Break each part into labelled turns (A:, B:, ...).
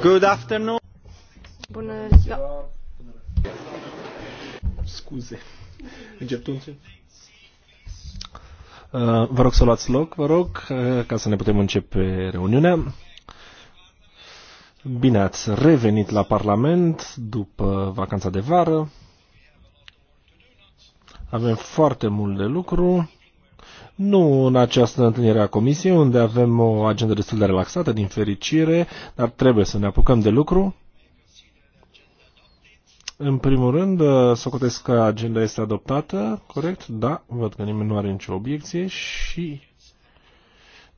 A: Good afternoon. Bună ziua. Scuze. Încep tu, încep. Uh, vă rog să luați loc, vă rog, uh, ca să ne putem începe reuniunea. Bine ați revenit la Parlament după vacanța de vară. Avem foarte mult de lucru nu în această întâlnire a comisiei, unde avem o agendă destul de relaxată, din fericire, dar trebuie să ne apucăm de lucru. În primul rând, să socotesc că agenda este adoptată, corect? Da, văd că nimeni nu are nicio obiecție și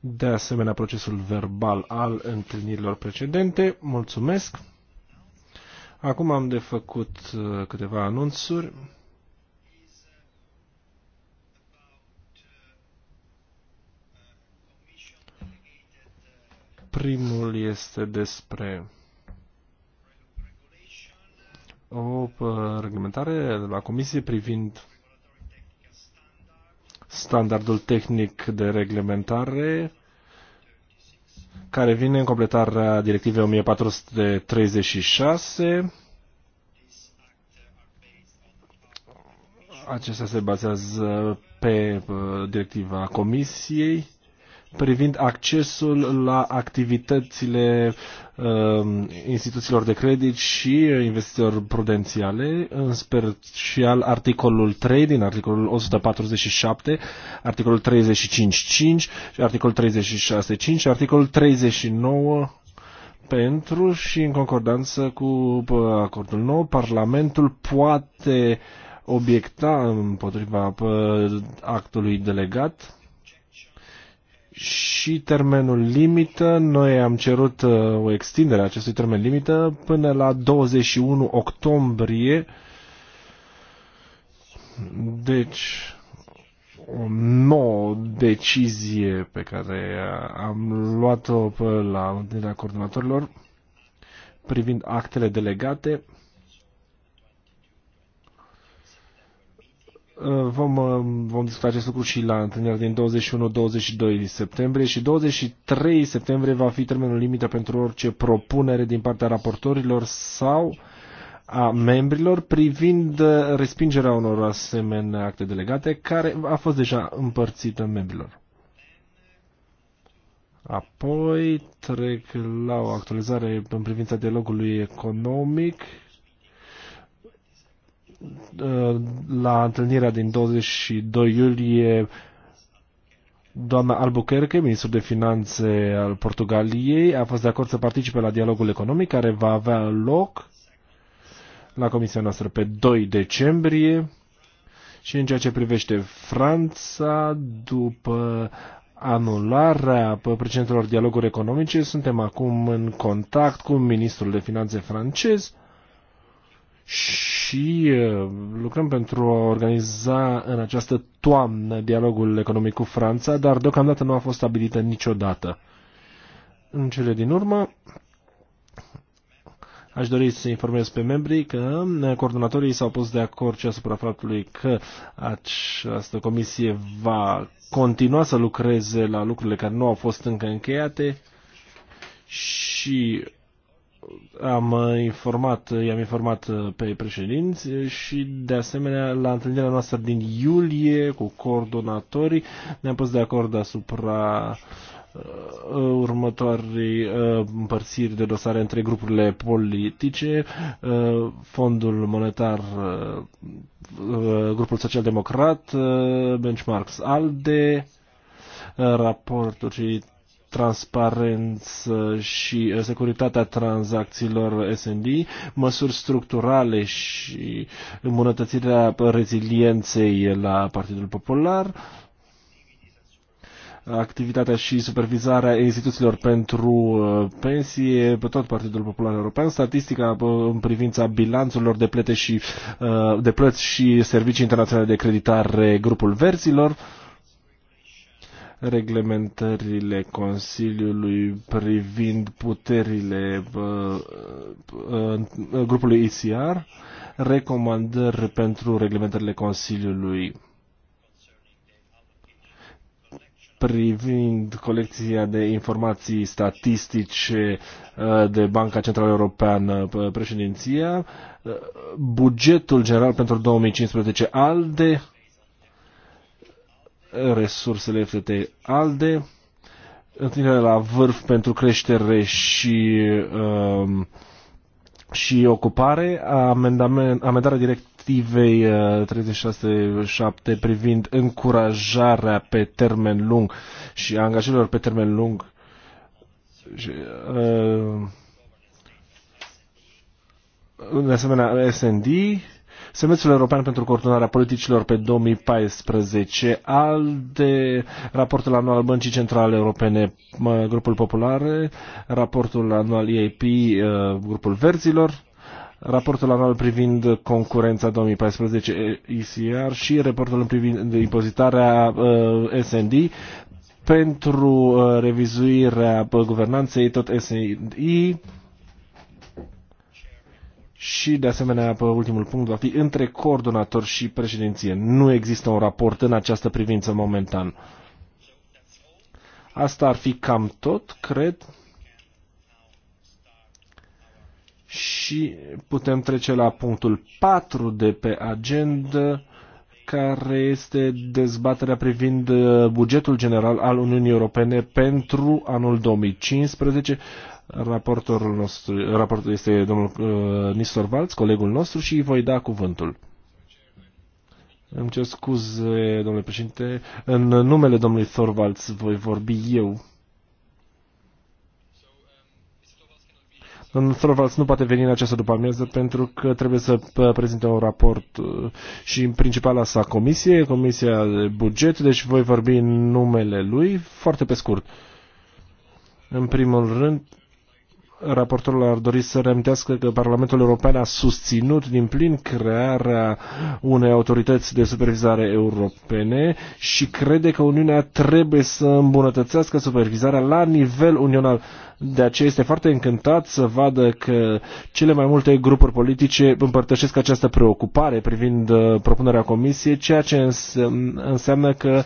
A: de asemenea procesul verbal al întâlnirilor precedente. Mulțumesc! Acum am de făcut uh, câteva anunțuri. Primul este despre o reglementare la Comisie privind standardul tehnic de reglementare care vine în completarea directivei 1436. Acestea se bazează pe directiva Comisiei privind accesul la activitățile uh, instituțiilor de credit și investitor prudențiale, în special articolul 3 din articolul 147, articolul 35.5 și articolul 36.5 și articolul 39 pentru și în concordanță cu uh, acordul nou, Parlamentul poate obiecta împotriva uh, actului delegat și termenul limită. Noi am cerut uh, o extindere a acestui termen limită până la 21 octombrie. Deci, o nouă decizie pe care am luat-o la întâlnirea coordonatorilor privind actele delegate Uh, vom, uh, vom discuta acest lucru și la întâlnirea din 21-22 septembrie și 23 septembrie va fi termenul limită pentru orice propunere din partea raportorilor sau a membrilor privind uh, respingerea unor asemenea acte delegate care a fost deja împărțită membrilor. Apoi trec la o actualizare în privința dialogului economic la întâlnirea din 22 iulie Doamna Albuquerque, ministrul de finanțe al Portugaliei, a fost de acord să participe la dialogul economic care va avea loc la comisia noastră pe 2 decembrie și în ceea ce privește Franța, după anularea precedentelor dialoguri economice, suntem acum în contact cu ministrul de finanțe francez și uh, lucrăm pentru a organiza în această toamnă dialogul economic cu Franța, dar deocamdată nu a fost stabilită niciodată. În cele din urmă, Aș dori să informez pe membrii că coordonatorii s-au pus de acord și asupra faptului că această comisie va continua să lucreze la lucrurile care nu au fost încă încheiate și am informat, i-am informat uh, pe președinți și de asemenea la întâlnirea noastră din iulie cu coordonatorii ne-am pus de acord asupra uh, următoarei uh, împărțiri de dosare între grupurile politice, uh, Fondul Monetar, uh, uh Grupul Social Democrat, uh, Benchmarks ALDE, uh, raportul transparență și uh, securitatea tranzacțiilor S&D, măsuri structurale și îmbunătățirea rezilienței la Partidul Popular, activitatea și supervizarea instituțiilor pentru uh, pensie pe tot Partidul Popular European, statistica uh, în privința bilanțurilor de, plete și, de plăți și servicii internaționale de creditare grupul verzilor, reglementările Consiliului privind puterile grupului ICR, recomandări pentru reglementările Consiliului privind colecția de informații statistice ă, de Banca Centrală Europeană președinția, ă, bugetul general pentru 2015 ALDE, resursele FTT ALDE, întâlnirea la vârf pentru creștere și, uh, și ocupare, amendament, amendarea directivei uh, 367 privind încurajarea pe termen lung și angajărilor pe termen lung și, uh, de asemenea SND, Semestrul European pentru Coordonarea Politicilor pe 2014, al de raportul anual al Băncii Centrale Europene, Grupul Populare, raportul anual EIP, uh, Grupul Verzilor, raportul anual privind concurența 2014 ECR și raportul privind impozitarea uh, SND pentru uh, revizuirea uh, guvernanței, tot SNI, și, de asemenea, pe ultimul punct, va fi între coordonator și președinție. Nu există un raport în această privință momentan. Asta ar fi cam tot, cred. Și putem trece la punctul 4 de pe agenda, care este dezbaterea privind uh, bugetul general al Uniunii Europene pentru anul 2015. Raportorul nostru raportul este domnul uh, Nistor Valț, colegul nostru, și îi voi da cuvântul. Îmi cer scuze, domnule președinte. În numele domnului Thorvalds voi vorbi eu. Domnul Thorvalds nu poate veni în această după-amiază pentru că trebuie să prezinte un raport uh, și în principala sa comisie, Comisia de Buget, deci voi vorbi în numele lui foarte pe scurt. În primul rând, raportorul ar dori să reamintească că Parlamentul European a susținut din plin crearea unei autorități de supervizare europene și crede că Uniunea trebuie să îmbunătățească supervizarea la nivel unional. De aceea este foarte încântat să vadă că cele mai multe grupuri politice împărtășesc această preocupare privind uh, propunerea Comisiei, ceea ce înseamnă că uh,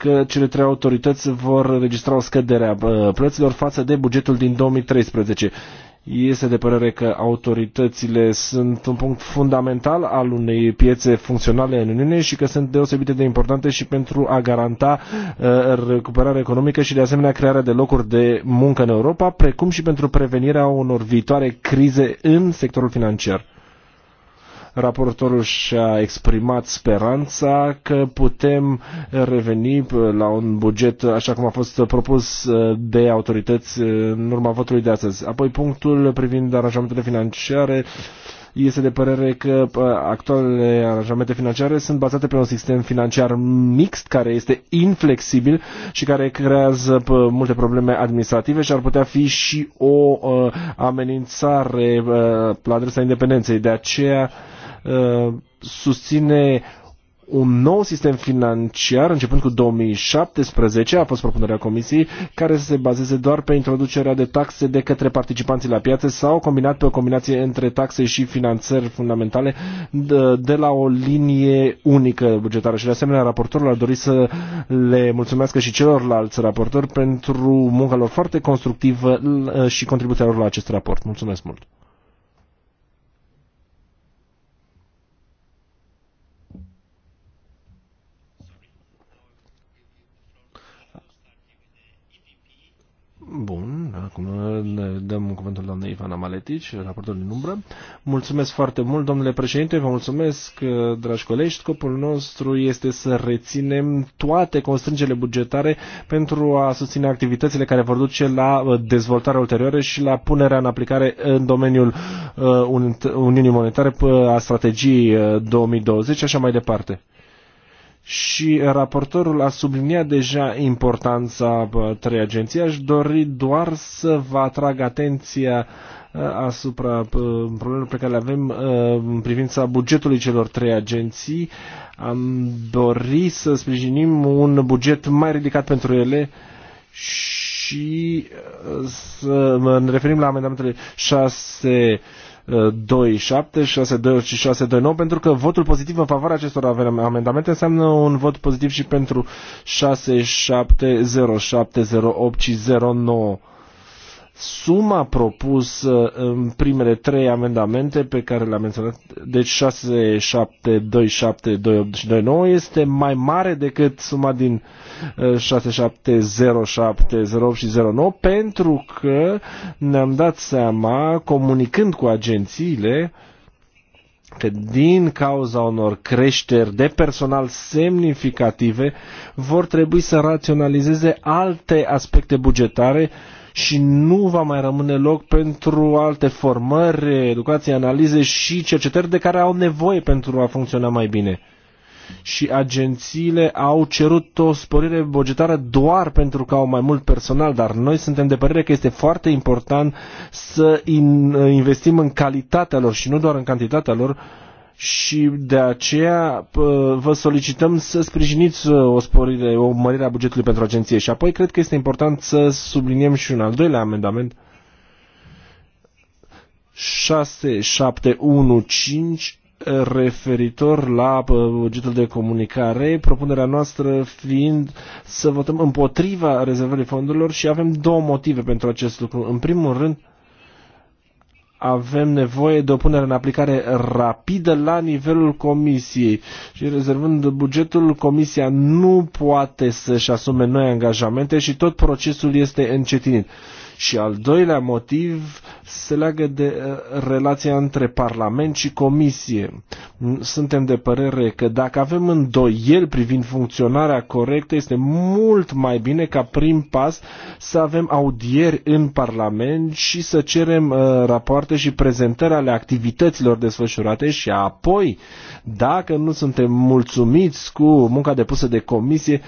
A: că cele trei autorități vor registra o scădere a uh, plăților față de bugetul din 2013. Este de părere că autoritățile sunt un punct fundamental al unei piețe funcționale în Uniune și că sunt deosebite de importante și pentru a garanta uh, recuperarea economică și de asemenea crearea de locuri de muncă în Europa, precum și pentru prevenirea unor viitoare crize în sectorul financiar. Raportorul și-a exprimat speranța că putem reveni la un buget așa cum a fost propus de autorități în urma votului de astăzi. Apoi punctul privind aranjamentele financiare este de părere că actualele aranjamente financiare sunt bazate pe un sistem financiar mixt care este inflexibil și care creează multe probleme administrative și ar putea fi și o ă, amenințare ă, la adresa independenței. De aceea Uh, susține un nou sistem financiar începând cu 2017, a fost propunerea Comisiei, care să se bazeze doar pe introducerea de taxe de către participanții la piață sau combinat pe o combinație între taxe și finanțări fundamentale de la o linie unică bugetară. Și de asemenea, raportorul ar dori să le mulțumească și celorlalți raportori pentru munca lor foarte constructivă uh, și contribuția lor la acest raport. Mulțumesc mult! Bun, acum le dăm cuvântul doamnei Ivana Maletici, raportul din umbră. Mulțumesc foarte mult, domnule președinte, vă mulțumesc, dragi colegi. Scopul nostru este să reținem toate constrângerile bugetare pentru a susține activitățile care vor duce la uh, dezvoltarea ulterioară și la punerea în aplicare în domeniul uh, Uniunii Monetare uh, a strategiei 2020 și așa mai departe și raportorul a subliniat deja importanța trei agenții. Aș dori doar să vă atrag atenția ă, asupra problemelor pe care le avem ă, în privința bugetului celor trei agenții. Am dori să sprijinim un buget mai ridicat pentru ele și ă, să ne referim la amendamentele 6, 27, 6 și 629, pentru că votul pozitiv în favoarea acestor amendamente înseamnă un vot pozitiv și pentru 7, 0, 8 și 9 suma propusă în primele trei amendamente pe care le-am menționat, deci 6, 7, 2, 7, 2, 8 și 2, 9, este mai mare decât suma din 6, 7, 0, 7, 0, 8 și 0, 9, pentru că ne-am dat seama, comunicând cu agențiile, că din cauza unor creșteri de personal semnificative vor trebui să raționalizeze alte aspecte bugetare uh, și nu va mai rămâne loc pentru alte formări, educație, analize și cercetări de care au nevoie pentru a funcționa mai bine. Și agențiile au cerut o sporire bugetară doar pentru că au mai mult personal, dar noi suntem de părere că este foarte important să investim în calitatea lor și nu doar în cantitatea lor, și de aceea vă solicităm să sprijiniți uh, o sporire, o mărire a bugetului pentru agenție. Și apoi cred că este important să subliniem și un al doilea amendament 6715 referitor la bugetul de comunicare, propunerea noastră fiind să votăm împotriva rezervării fondurilor și avem două motive pentru acest lucru. În primul rând, avem nevoie de o punere în aplicare rapidă la nivelul comisiei și rezervând bugetul, comisia nu poate să-și asume noi angajamente și tot procesul este încetinit. Și al doilea motiv se leagă de uh, relația între Parlament și Comisie. Suntem de părere că dacă avem îndoieli privind funcționarea corectă, este mult mai bine ca prim pas să avem audieri în Parlament și să cerem uh, rapoarte și prezentări ale activităților desfășurate și apoi, dacă nu suntem mulțumiți cu munca depusă de Comisie,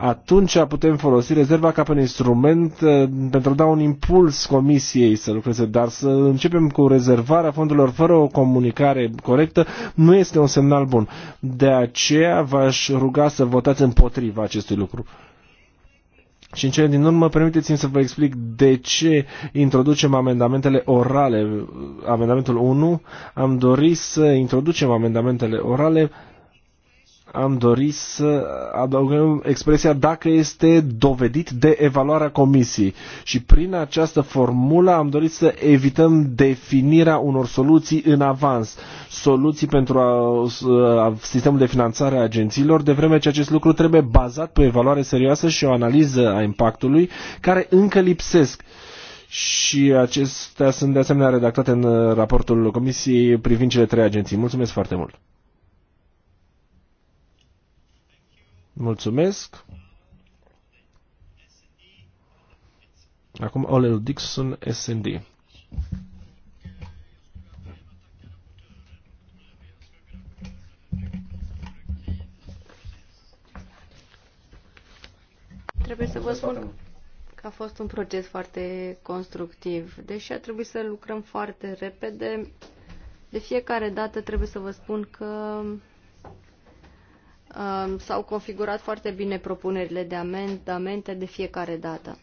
A: atunci putem folosi rezerva ca pe un instrument uh, pentru a da un impuls comisiei să lucreze, dar să începem cu rezervarea fondurilor fără o comunicare corectă nu este un semnal bun. De aceea v-aș ruga să votați împotriva acestui lucru. Și în cele din urmă, permiteți-mi să vă explic de ce introducem amendamentele orale. Amendamentul 1, am dorit să introducem amendamentele orale uh, am dorit să adăugăm expresia dacă este dovedit de evaluarea comisiei. Și prin această formulă am dorit să evităm definirea unor soluții în avans, soluții pentru a, a, sistemul de finanțare a agențiilor, de vreme ce acest lucru trebuie bazat pe o evaluare serioasă și o analiză a impactului, care încă lipsesc și acestea sunt de asemenea redactate în raportul Comisiei privind cele trei agenții. Mulțumesc foarte mult! Mulțumesc. Acum Olel Dixon, SND.
B: Trebuie să vă spun că a fost un proces foarte constructiv. Deși a trebuit să lucrăm foarte repede, de fiecare dată trebuie să vă spun că s-au configurat foarte bine propunerile de amendamente de fiecare dată.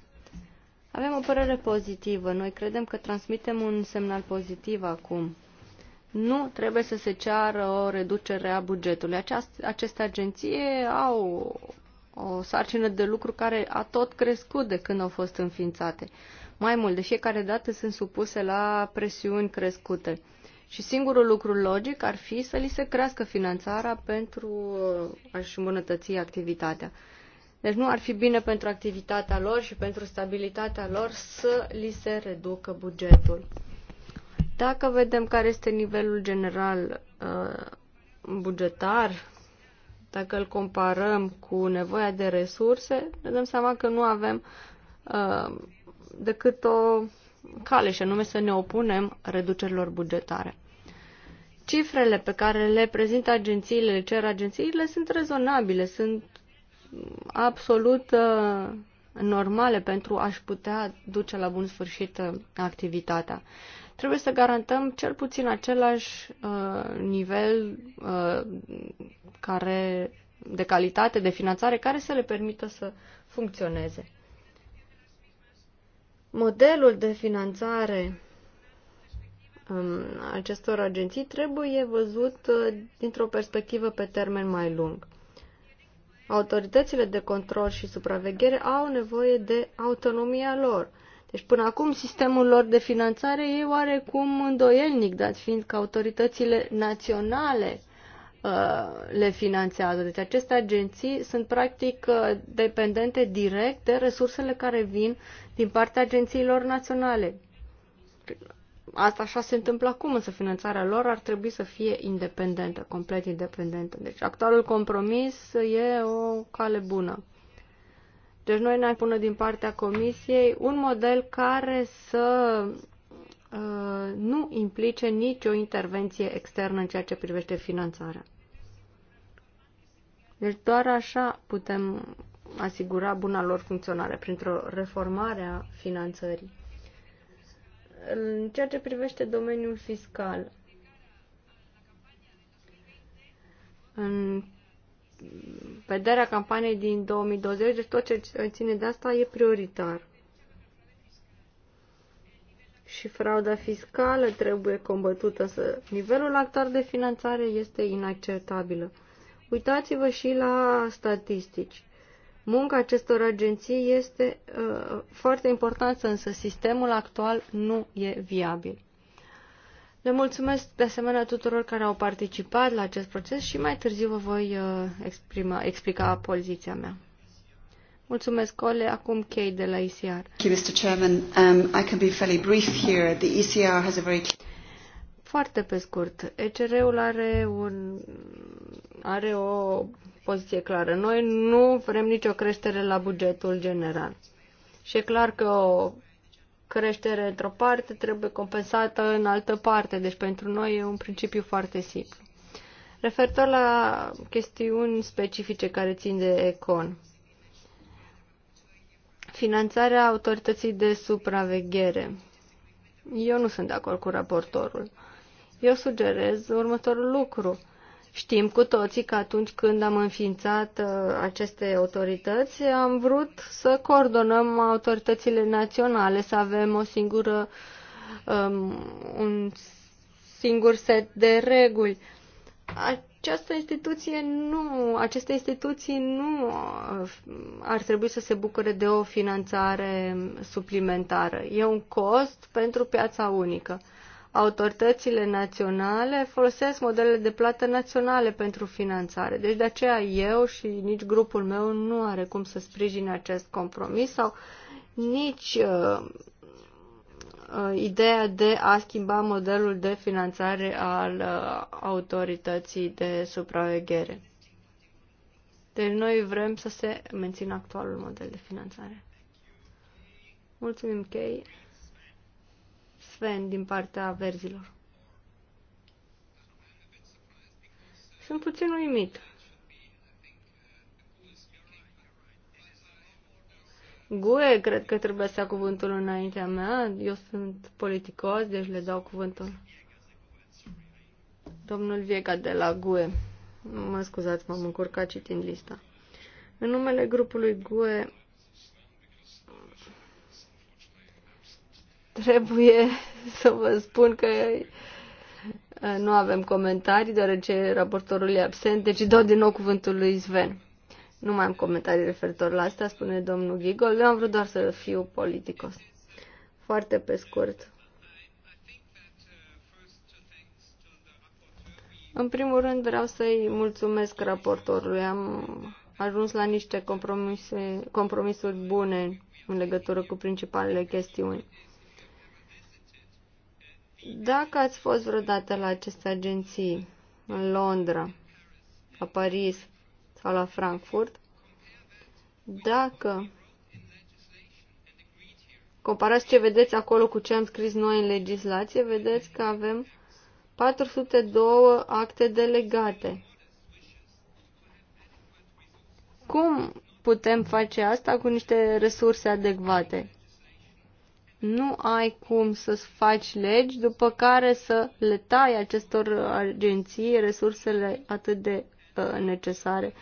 B: Avem o părere pozitivă. Noi credem că transmitem un semnal pozitiv acum. Nu trebuie să se ceară o reducere a bugetului. Aceast, aceste agenții au o sarcină de lucru care a tot crescut de când au fost înființate. Mai mult, de fiecare dată sunt supuse la presiuni crescute. Și singurul lucru logic ar fi să li se crească finanțarea pentru uh, a-și îmbunătăți activitatea. Deci nu ar fi bine pentru activitatea lor și pentru stabilitatea lor să li se reducă bugetul. Dacă vedem care este nivelul general uh, bugetar, dacă îl comparăm cu nevoia de resurse, ne dăm seama că nu avem uh, decât o cale și anume să ne opunem reducerilor bugetare. Cifrele pe care le prezintă agențiile, le cer agențiile, sunt rezonabile, sunt absolut uh, normale pentru a-și putea duce la bun sfârșit uh, activitatea. Trebuie să garantăm cel puțin același uh, nivel uh, care, de calitate, de finanțare, care să le permită să funcționeze. Modelul de finanțare um, acestor agenții trebuie văzut uh, dintr-o perspectivă pe termen mai lung. Autoritățile de control și supraveghere au nevoie de autonomia lor. Deci până acum sistemul lor de finanțare e oarecum îndoielnic, dat fiind că autoritățile naționale Uh, le finanțează. Deci aceste agenții sunt practic uh, dependente direct de resursele care vin din partea agențiilor naționale. Asta așa se întâmplă acum, însă finanțarea lor ar trebui să fie independentă, complet independentă. Deci actualul compromis e o cale bună. Deci noi ne-am pune din partea comisiei un model care să Uh, nu implice nicio intervenție externă în ceea ce privește finanțarea. Deci doar așa putem asigura buna lor funcționare, printr-o reformare a finanțării. În ceea ce privește domeniul fiscal, în vederea campaniei din 2020, deci tot ce ține de asta e prioritar și frauda fiscală trebuie combătută, să nivelul actual de finanțare este inacceptabilă. Uitați-vă și la statistici. Munca acestor agenții este uh, foarte importantă, însă sistemul actual nu e viabil. Le mulțumesc de asemenea tuturor care au participat la acest proces și mai târziu vă voi uh, exprima, explica poziția mea. Mulțumesc, Cole. Acum Kay de la ECR. Um, foarte pe scurt. ECR-ul are, un, are o poziție clară. Noi nu vrem nicio creștere la bugetul general. Și e clar că o creștere într-o parte trebuie compensată în altă parte. Deci pentru noi e un principiu foarte simplu. Referitor la chestiuni specifice care țin de econ finanțarea autorității de supraveghere. Eu nu sunt de acord cu raportorul. Eu sugerez următorul lucru. Știm cu toții că atunci când am înființat uh, aceste autorități, am vrut să coordonăm autoritățile naționale, să avem o singură, um, un singur set de reguli această instituție nu, aceste instituții nu uh, ar trebui să se bucure de o finanțare suplimentară. E un cost pentru piața unică. Autoritățile naționale folosesc modele de plată naționale pentru finanțare. Deci de aceea eu și nici grupul meu nu are cum să sprijine acest compromis sau nici uh, Uh, ideea de a schimba modelul de finanțare al uh, autorității de supraveghere. Deci noi vrem să se mențină actualul model de finanțare. Mulțumim, Kay. Sven, din partea verzilor. Sunt puțin uimit. GUE cred că trebuie să ia cuvântul înaintea mea. Eu sunt politicos, deci le dau cuvântul. Domnul Viega de la GUE. Mă scuzați, m-am încurcat citind lista. În numele grupului GUE trebuie să vă spun că uh, nu avem comentarii, deoarece raportorul e absent, deci dau din nou cuvântul lui Sven. Nu mai am comentarii referitor la asta, spune domnul Gigol. Eu am vrut doar să fiu politicos. Foarte pe scurt. În primul rând vreau să-i mulțumesc raportorului. Am ajuns la niște compromise, compromisuri bune în legătură cu principalele chestiuni. Dacă ați fost vreodată la aceste agenții, în Londra, la Paris, sau la Frankfurt, dacă comparați ce vedeți acolo cu ce am scris noi în legislație, vedeți că avem 402 acte delegate. Cum putem face asta cu niște resurse adecvate? Nu ai cum să faci legi după care să le tai acestor agenții resursele atât de Uh, necesare.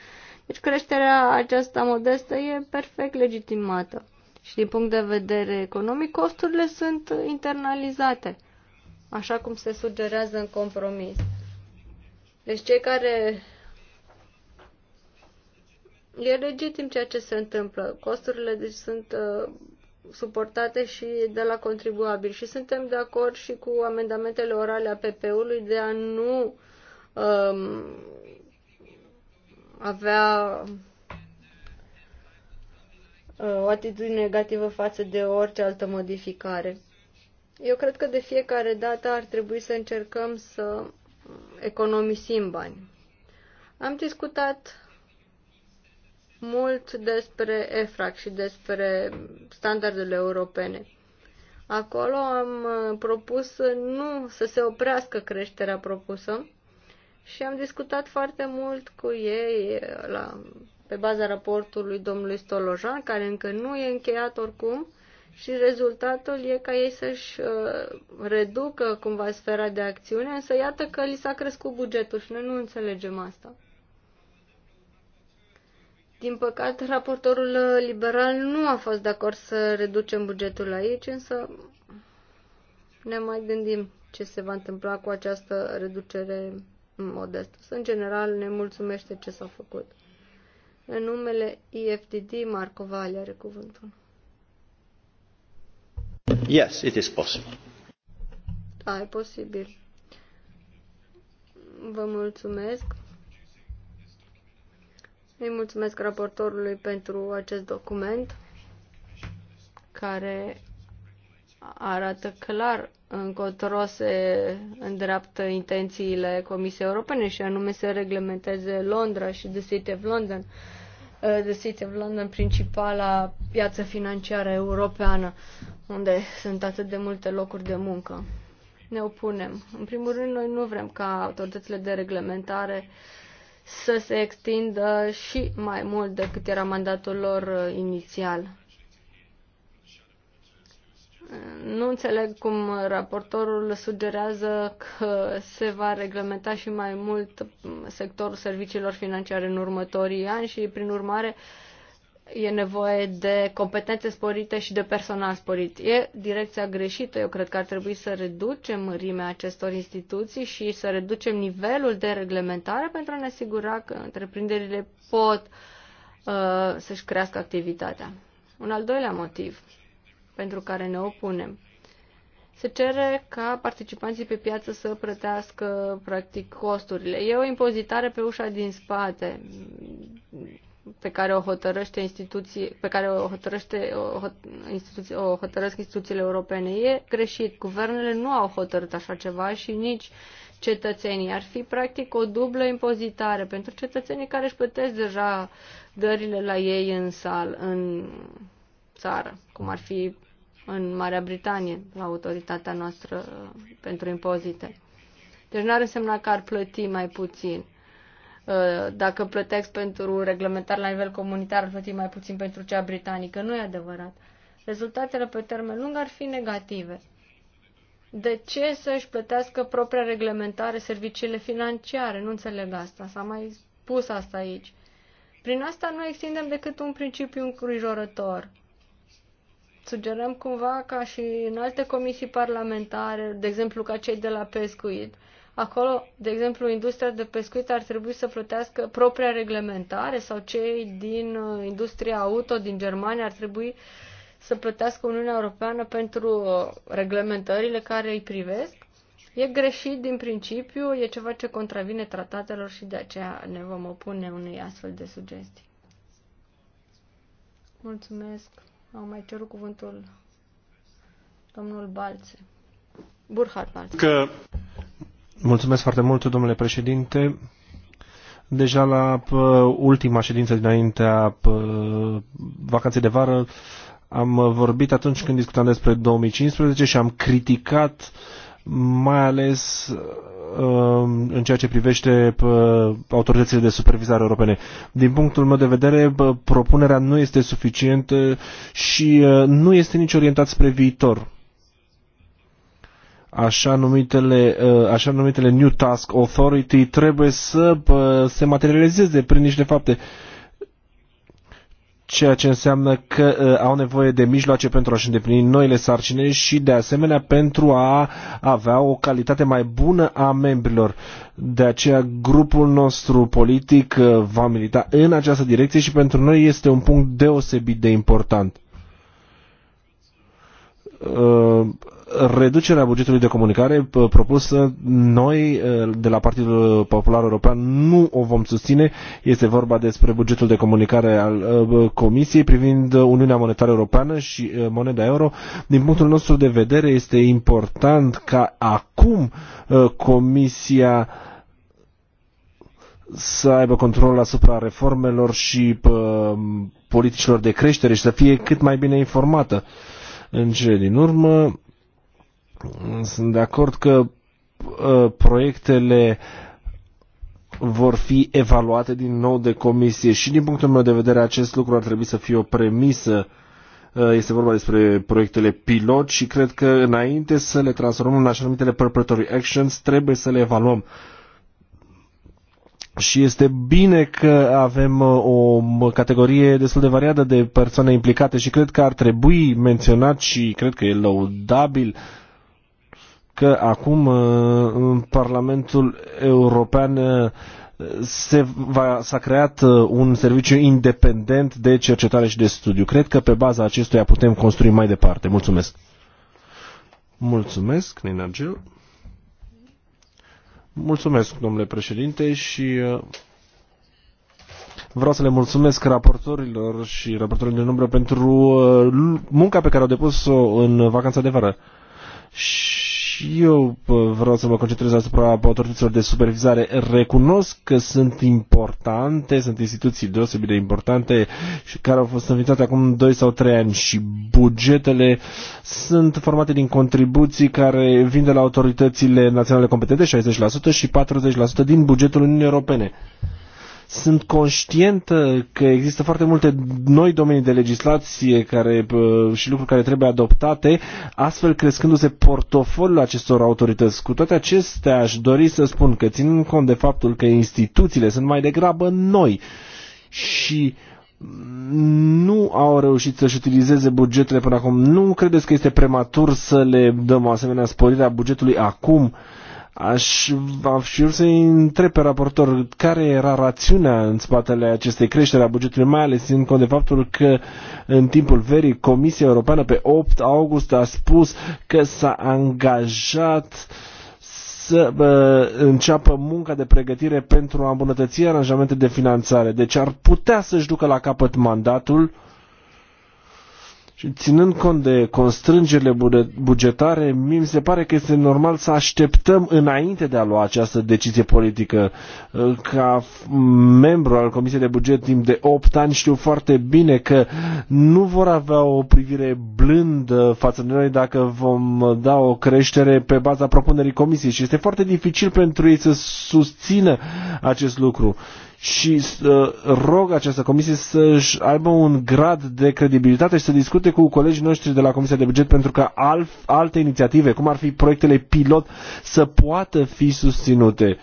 B: Deci creșterea aceasta modestă e perfect legitimată. Și din punct de vedere economic, costurile sunt internalizate, așa cum se sugerează în compromis. Deci cei care... E legitim ceea ce se întâmplă. Costurile deci sunt uh, suportate și de la contribuabil. Și suntem de acord și cu amendamentele orale a PP-ului de a nu Uh, avea uh, o atitudine negativă față de orice altă modificare. Eu cred că de fiecare dată ar trebui să încercăm să economisim bani. Am discutat mult despre EFRAC și despre standardele europene. Acolo am uh, propus să nu să se oprească creșterea propusă, și am discutat foarte mult cu ei uh, la, pe baza raportului domnului Stolojan, care încă nu e încheiat oricum, și rezultatul e ca ei să-și uh, reducă cumva sfera de acțiune, însă iată că li s-a crescut bugetul și noi nu înțelegem asta. Din păcate, raportorul uh, liberal nu a fost de acord să reducem bugetul aici, însă ne mai gândim ce se va întâmpla cu această reducere modest. În general, ne mulțumește ce s-a făcut. În numele IFTD, Marco Vali are cuvântul. Yes, it is possible. Da, e posibil. Vă mulțumesc. Îi mulțumesc raportorului pentru acest document care arată clar încotro se îndreaptă intențiile Comisiei Europene și anume să reglementeze Londra și The City of London, uh, The City of London, principala piață financiară europeană, unde sunt atât de multe locuri de muncă. Ne opunem. În primul rând, noi nu vrem ca autoritățile de reglementare să se extindă și mai mult decât era mandatul lor uh, inițial nu înțeleg cum raportorul sugerează că se va reglementa și mai mult sectorul serviciilor financiare în următorii ani și, prin urmare, e nevoie de competențe sporite și de personal sporit. E direcția greșită. Eu cred că ar trebui să reducem mărimea acestor instituții și să reducem nivelul de reglementare pentru a ne asigura că întreprinderile pot uh, să-și crească activitatea. Un al doilea motiv pentru care ne opunem. Se cere ca participanții pe piață să plătească, practic, costurile. E o impozitare pe ușa din spate pe care o hotărăște instituții, pe care o hotărăște o, hot, instituții, o hotărăsc instituțiile europene. E greșit. Guvernele nu au hotărât așa ceva și nici cetățenii. Ar fi practic o dublă impozitare pentru cetățenii care își plătesc deja dările la ei în sal, în țară, cum ar fi în Marea Britanie, la autoritatea noastră uh, pentru impozite. Deci nu ar însemna că ar plăti mai puțin. Uh, dacă plătești pentru reglementare la nivel comunitar, ar plăti mai puțin pentru cea britanică. Nu e adevărat. Rezultatele pe termen lung ar fi negative. De ce să-și plătească propria reglementare serviciile financiare? Nu înțeleg asta. S-a mai spus asta aici. Prin asta nu extindem decât un principiu îngrijorător – Sugerăm cumva ca și în alte comisii parlamentare, de exemplu ca cei de la pescuit, acolo, de exemplu, industria de pescuit ar trebui să plătească propria reglementare sau cei din uh, industria auto din Germania ar trebui să plătească Uniunea Europeană pentru uh, reglementările care îi privesc. E greșit din principiu, e ceva ce contravine tratatelor și de aceea ne vom opune unei astfel de sugestii. Mulțumesc! Am mai cerut cuvântul domnul Balțe.
A: Burhard Balțe. Că... Mulțumesc foarte mult, domnule președinte. Deja la ultima ședință dinaintea vacanței de vară am vorbit atunci când discutam despre 2015 și am criticat mai ales Um, în ceea ce privește autoritățile de supervizare europene. Din punctul meu de vedere, propunerea nu este suficientă și uh, nu este nici orientat spre viitor. Așa numitele, uh, așa numitele New Task Authority trebuie să se materializeze prin niște fapte. Uh, ceea ce înseamnă că uh, au nevoie de mijloace pentru a-și îndeplini noile sarcine și, de asemenea, pentru a avea o calitate mai bună a membrilor. De aceea, grupul nostru politic uh, va milita în această direcție și pentru noi este un punct deosebit de important. Uh, reducerea bugetului de comunicare propusă noi eh, de la Partidul Popular European nu o vom susține. Este vorba despre bugetul de comunicare al eh, Comisiei privind Uniunea Monetară Europeană și eh, moneda euro. Din punctul nostru de vedere este important ca acum Comisia să aibă control asupra reformelor și politicilor de creștere și să fie cât mai bine informată. În cele din urmă, sunt de acord că uh, proiectele vor fi evaluate din nou de comisie și din punctul meu de vedere acest lucru ar trebui să fie o premisă uh, este vorba despre proiectele pilot și cred că înainte să le transformăm în așa numitele preparatory actions trebuie să le evaluăm. Și este bine că avem uh, o categorie destul de variată de persoane implicate și cred că ar trebui menționat și cred că e laudabil uh, că acum uh, în Parlamentul European uh, se va, s-a creat uh, un serviciu independent de cercetare și de studiu. Cred că pe baza acestuia putem construi mai departe. Mulțumesc! Mulțumesc, Nina Gil. Mulțumesc, domnule președinte, și vreau să le mulțumesc raportorilor și raportorilor de număr pentru munca pe care au depus-o în vacanța de vară. Și și eu vreau să mă concentrez asupra autorităților de supervizare. Recunosc că sunt importante, sunt instituții deosebit de importante și care au fost înființate acum 2 sau 3 ani și bugetele sunt formate din contribuții care vin de la autoritățile naționale competente, 60% și 40% din bugetul Uniunii Europene. Sunt conștient că există foarte multe noi domenii de legislație care, și lucruri care trebuie adoptate, astfel crescându-se portofoliul acestor autorități. Cu toate acestea, aș dori să spun că țin cont de faptul că instituțiile sunt mai degrabă noi și nu au reușit să-și utilizeze bugetele până acum. Nu credeți că este prematur să le dăm o asemenea sporire a bugetului acum? Uh, Aș, aș eu să-i întreb pe raportor care era rațiunea în spatele acestei creșteri a bugetului, mai ales în cont de faptul că în timpul verii Comisia Europeană pe 8 august a spus că s-a angajat să uh, înceapă munca de pregătire pentru a îmbunătăți aranjamente de finanțare. Deci ar putea să-și ducă la capăt mandatul și ținând cont de constrângerile bugetare, mi se pare că este normal să așteptăm înainte de a lua această decizie politică. Ca membru al Comisiei de Buget timp de 8 ani știu foarte bine că nu vor avea o privire blândă față de noi dacă vom da o creștere pe baza propunerii Comisiei și este foarte dificil pentru ei să susțină acest lucru și să uh, rog această comisie să-și aibă un grad de credibilitate și să discute cu colegii noștri de la Comisia de Buget pentru că alf, alte inițiative, cum ar fi proiectele pilot, să poată fi susținute.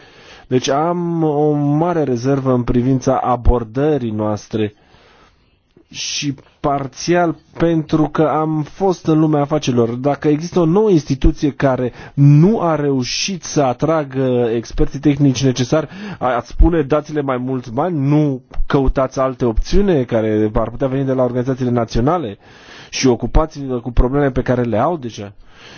A: Deci am o mare rezervă în privința abordării noastre și parțial pentru că am fost în lumea afacerilor. Dacă există o nouă instituție care nu a reușit să atragă experții tehnici necesari, ați spune dați-le mai mulți bani, nu căutați alte opțiune care ar putea veni de la organizațiile naționale? Uh, și ocupați-vă cu probleme pe care le au deja.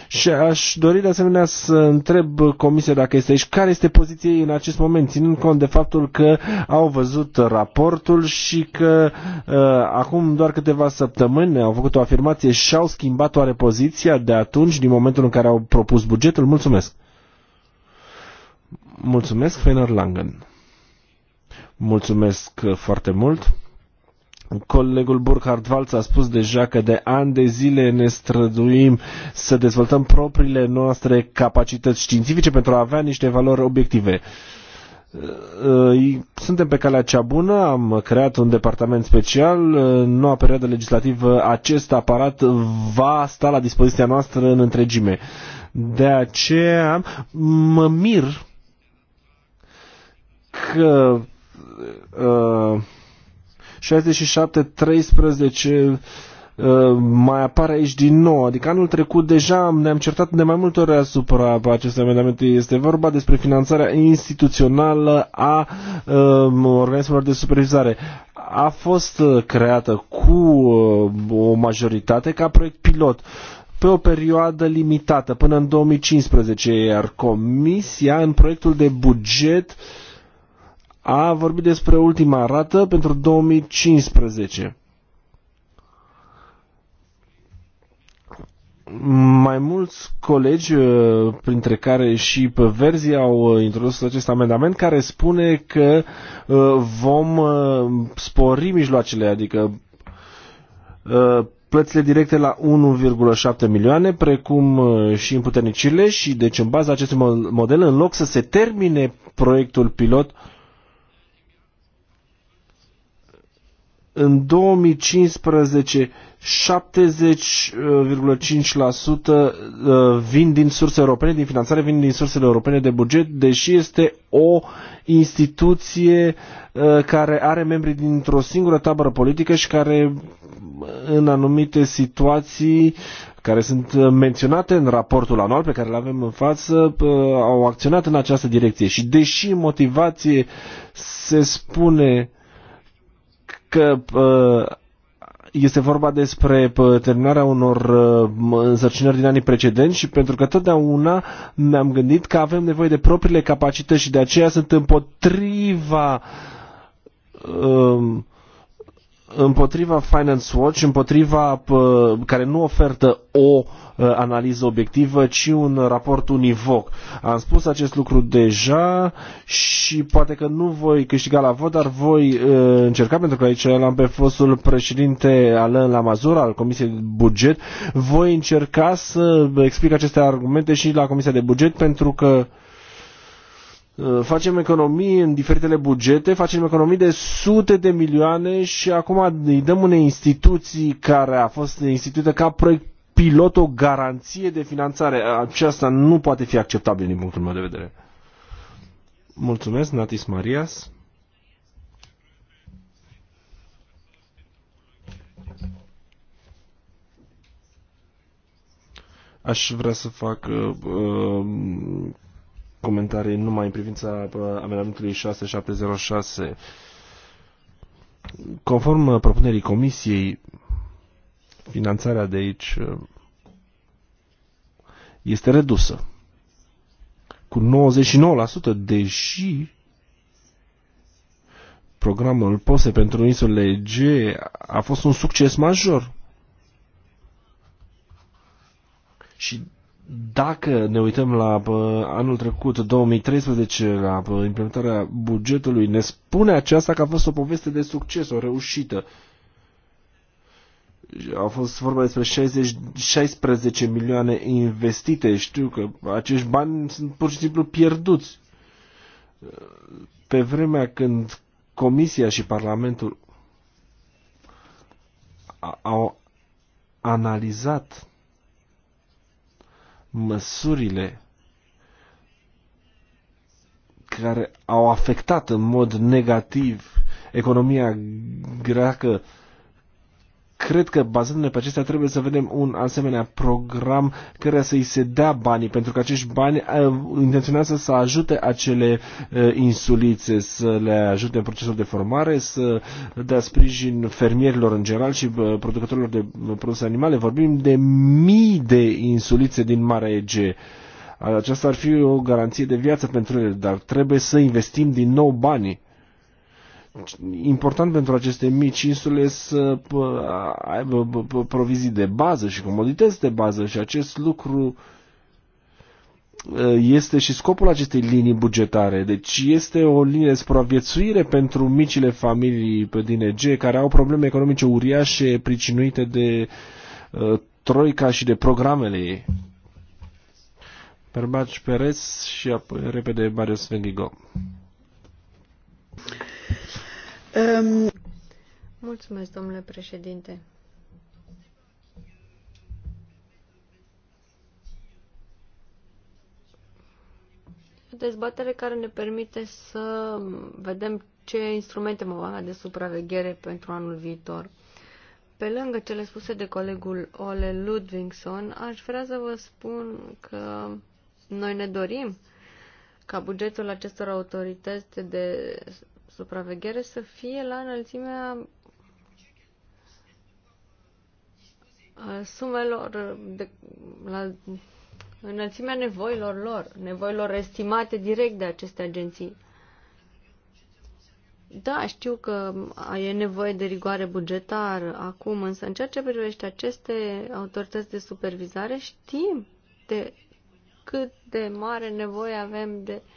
A: Și aș dori de asemenea să întreb Comisia dacă este aici, care este poziția ei în acest moment, ținând cont de faptul că au văzut raportul și că uh, acum doar câteva săptămâni au făcut o afirmație și au schimbat oare poziția de atunci, din momentul în care au propus bugetul. Mulțumesc! Mulțumesc, Fener Langen! Mulțumesc foarte mult! Colegul Burkhard Valț a spus deja că de ani de zile ne străduim să dezvoltăm propriile noastre capacități științifice pentru a avea niște valori obiective uh, uh, suntem pe calea cea bună, am creat un departament special, uh, noua perioadă legislativă, acest aparat va sta la dispoziția noastră în întregime. De aceea mă mir că uh, 67-13 uh, mai apare aici din nou. Adică anul trecut deja ne-am certat de mai multe ori asupra acestui amendament. Este vorba despre finanțarea instituțională a um, organismelor de supervizare. A fost uh, creată cu uh, o majoritate ca proiect pilot pe o perioadă limitată, până în 2015, iar Comisia, în proiectul de buget, uh, a vorbit despre ultima rată pentru 2015. Mai mulți colegi, uh, printre care și pe Verzi, au uh, introdus acest amendament care spune că uh, vom spori mijloacele, adică plățile directe la 1,7 milioane, precum și împuternicirile și deci în baza acestui model, în loc să se termine proiectul pilot, uh, În 2015, 70,5% uh, vin din surse europene, din finanțare vin din sursele europene de buget, deși este o instituție uh, care are membri dintr-o singură tabără politică și care uh, în anumite situații care sunt menționate în raportul anual pe care îl avem în față au acționat în această direcție și deși motivație se spune uh, că uh, este vorba despre uh, terminarea unor uh, însărcinări din anii precedenți și pentru că totdeauna ne-am gândit că avem nevoie de propriile capacități și de aceea sunt împotriva uh, împotriva Finance Watch, împotriva care nu ofertă o ă, analiză obiectivă, ci un raport univoc. Am spus acest lucru deja și poate că nu voi câștiga la vot, dar voi ă, încerca, pentru că aici l-am pe fostul președinte Alain Lamazur al Comisiei de Buget, voi încerca să explic aceste argumente și la Comisia de Buget, pentru că Uh, facem economii în diferitele bugete, facem economii de sute de milioane și acum îi dăm unei instituții care a fost instituită ca proiect pilot o garanție de finanțare. Aceasta nu poate fi acceptabil din punctul meu de vedere. Mulțumesc, Natis Marias. Aș vrea să fac uh, um, comentarii numai în privința uh, amendamentului 6706. Conform uh, propunerii comisiei, finanțarea de aici uh, este redusă cu 99%, deși programul POSE pentru insulele G a fost un succes major. Și dacă ne uităm la uh, anul trecut, 2013, la uh, implementarea bugetului, ne spune aceasta că a fost o poveste de succes, o reușită au fost vorba despre 60, 16 milioane investite. Știu că acești bani sunt pur și simplu pierduți. Pe vremea când Comisia și Parlamentul au analizat măsurile care au afectat în mod negativ economia greacă cred că bazându-ne pe acestea trebuie să vedem un asemenea program care să-i se dea banii, pentru că acești bani uh, intenționează să ajute acele uh, insulițe, să le ajute în procesul de formare, să dea sprijin fermierilor în general și uh, producătorilor de produse animale. Vorbim de mii de insulițe din Marea Ege. Aceasta ar fi o garanție de viață pentru ele, dar trebuie să investim din nou banii important pentru aceste mici insule să aibă provizii de bază și comodități de bază și acest lucru ă, este și scopul acestei linii bugetare. Deci este o linie de supraviețuire pentru micile familii din EG care au probleme economice uriașe pricinuite de ă, troica și de programele ei. Perbaci Perez și apoi repede Marius Vendigo. Ehm,
B: Mulțumesc, domnule președinte. O dezbatere care ne permite să vedem ce instrumente mă va de supraveghere pentru anul viitor. Pe lângă cele spuse de colegul Ole Ludvingson, aș vrea să vă spun că noi ne dorim ca bugetul acestor autorități de supraveghere să fie la înălțimea uh, sumelor, uh, de, la înălțimea nevoilor lor, nevoilor estimate direct de aceste agenții. Da, știu că uh, e nevoie de rigoare bugetară acum, însă în ceea ce privește aceste autorități de supervizare, știm de cât de mare nevoie avem de uh,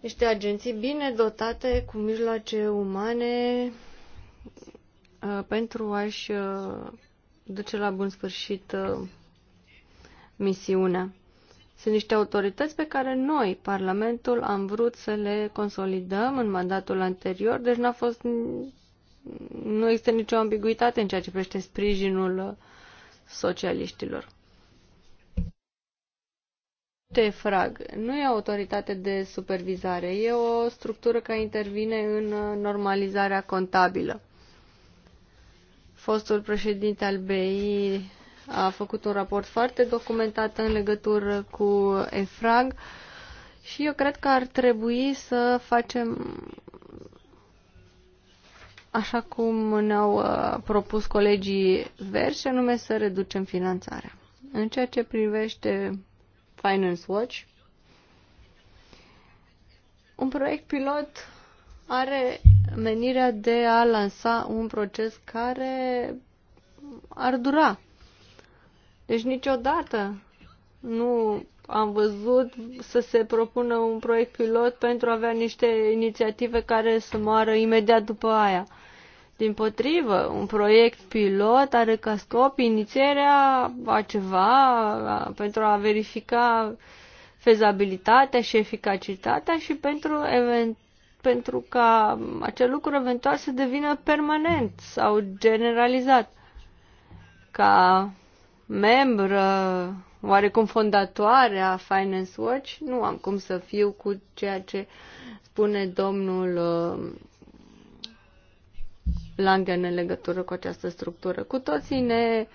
B: niște agenții bine dotate cu mijloace umane uh, pentru a-și uh, duce la bun sfârșit uh, misiunea. Sunt niște autorități pe care noi, Parlamentul, am vrut să le consolidăm în mandatul anterior, deci nu a fost, nu există nicio ambiguitate în ceea ce privește sprijinul socialiștilor. TEFRAG nu e o autoritate de supervizare, e o structură care intervine în uh, normalizarea contabilă. Fostul președinte al BI a făcut un raport foarte documentat în legătură cu EFRAG și eu cred că ar trebui să facem așa cum ne-au uh, propus colegii verzi, anume să reducem finanțarea. În ceea ce privește Finance Watch. Un proiect pilot are menirea de a lansa un proces care ar dura. Deci niciodată nu am văzut să se propună un proiect pilot pentru a avea niște inițiative care să moară imediat după aia. Din potrivă, un proiect pilot are ca scop inițierea a ceva a, pentru a verifica fezabilitatea și eficacitatea și pentru, event, pentru ca acel lucru eventual să devină permanent sau generalizat. Ca membră oarecum fondatoare a Finance Watch, nu am cum să fiu cu ceea ce spune domnul uh, Langen în legătură cu această structură. Cu toții ne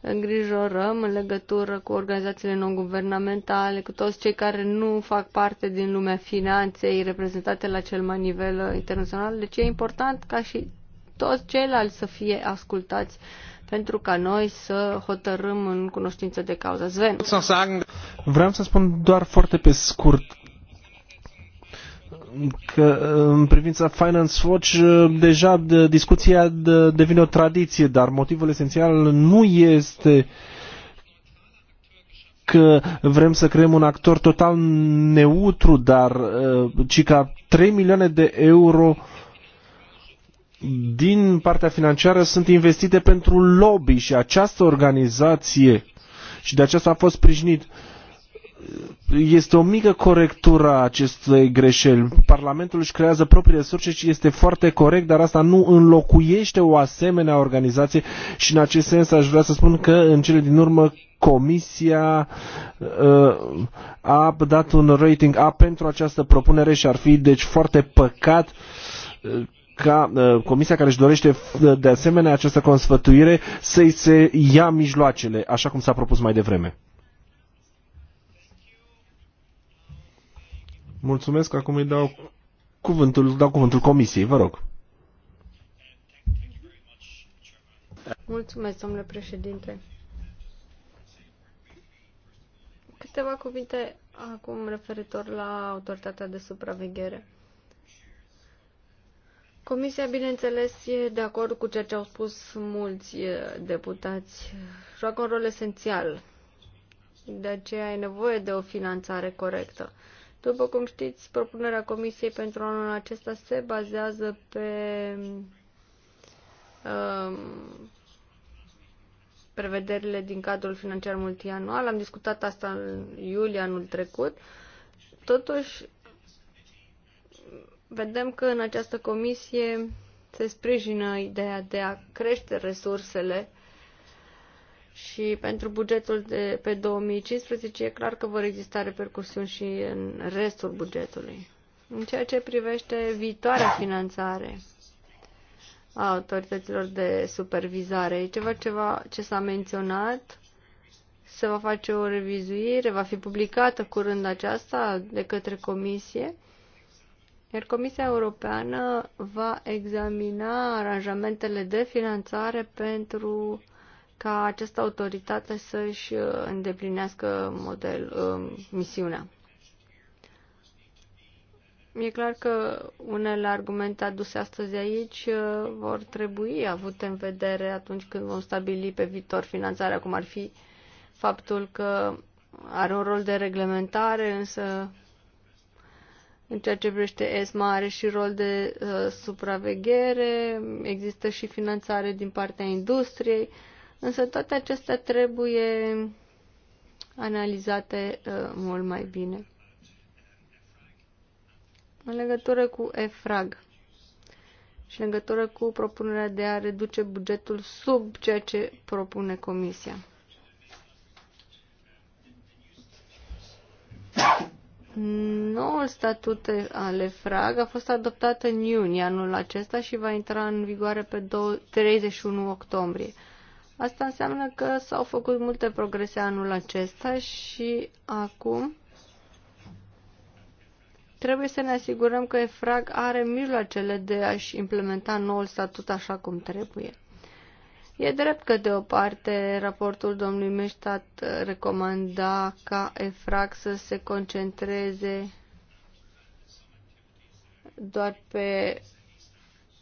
B: îngrijorăm în legătură cu organizațiile non-guvernamentale, cu toți cei care nu fac parte din lumea finanței reprezentate la cel mai nivel internațional. Deci e important ca și toți ceilalți să fie ascultați pentru ca noi să hotărâm în cunoștință de cauză. Sven.
A: Vreau să spun doar foarte pe scurt că în privința Finance Watch uh, deja uh, discuția uh, devine o tradiție, dar motivul esențial nu este că vrem să creăm un actor total neutru, dar ci ca 3 milioane de euro din partea financiară sunt investite pentru lobby și această organizație și de aceasta a fost sprijinit uh, este o mică corectură a acestei greșeli. Parlamentul își creează proprii resurse și este foarte corect, dar asta nu înlocuiește o asemenea organizație și în acest sens aș vrea să spun că în cele din urmă Comisia uh, a dat un rating A pentru această propunere și ar fi deci foarte păcat uh, ca uh, comisia care își dorește uh, de asemenea această consfătuire să-i se ia mijloacele, așa cum s-a propus mai devreme. Mulțumesc, acum îi dau cuvântul, dau cuvântul comisiei, vă rog.
B: Mulțumesc, domnule președinte. Câteva cuvinte acum referitor la autoritatea de supraveghere. Comisia, bineînțeles, e de acord cu ceea ce au spus mulți deputați. Joacă un rol esențial. De aceea e nevoie de o finanțare corectă. După cum știți, propunerea Comisiei pentru anul acesta se bazează pe um, prevederile din cadrul financiar multianual. Am discutat asta în iulie anul trecut. Totuși, vedem că în această comisie se sprijină ideea de a crește resursele și pentru bugetul de pe 2015 e clar că vor exista repercursiuni și în restul bugetului. În ceea ce privește viitoarea finanțare a autorităților de supervizare, e ceva, ceva ce s-a menționat, se va face o revizuire, va fi publicată curând aceasta de către Comisie, iar Comisia Europeană va examina aranjamentele de finanțare pentru ca această autoritate să-și uh, îndeplinească model, um, misiunea. E clar că unele argumente aduse astăzi aici uh, vor trebui avute în vedere atunci când vom stabili pe viitor finanțarea, cum ar fi faptul că are un rol de reglementare, însă în ceea ce privește ESMA are și rol de uh, supraveghere, există și finanțare din partea industriei. Uh, Însă toate acestea trebuie analizate uh, mult mai bine. În legătură cu EFRAG și în legătură cu propunerea de a reduce bugetul sub ceea ce propune Comisia. Noul statut al EFRAG a fost adoptat în iunie anul acesta și va intra în vigoare pe 31 octombrie. Asta înseamnă că s-au făcut multe progrese anul acesta și acum trebuie să ne asigurăm că EFRAG are mijloacele de a-și implementa noul statut așa cum trebuie. E drept că, de o parte, raportul domnului Meștat recomanda ca EFRAG să se concentreze doar pe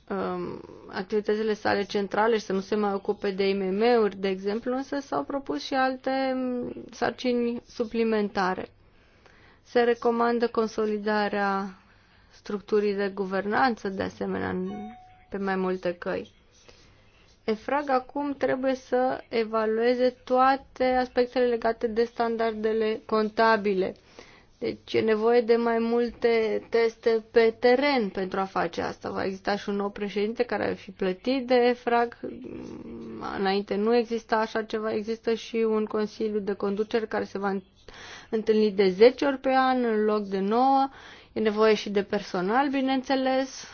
B: Um, activitățile sale centrale și să nu se mai ocupe de IMM-uri, de exemplu, însă s-au propus și alte um, sarcini suplimentare. Se recomandă consolidarea structurii de guvernanță, de asemenea, pe mai multe căi. EFRAG acum trebuie să evalueze toate aspectele legate de standardele contabile – deci e nevoie de mai multe teste pe teren pentru a face asta. Va exista și un nou președinte care ar fi plătit de frag. Înainte nu exista așa ceva. Există și un consiliu de conducere care se va întâlni de 10 ori pe an în loc de 9. E nevoie și de personal, bineînțeles.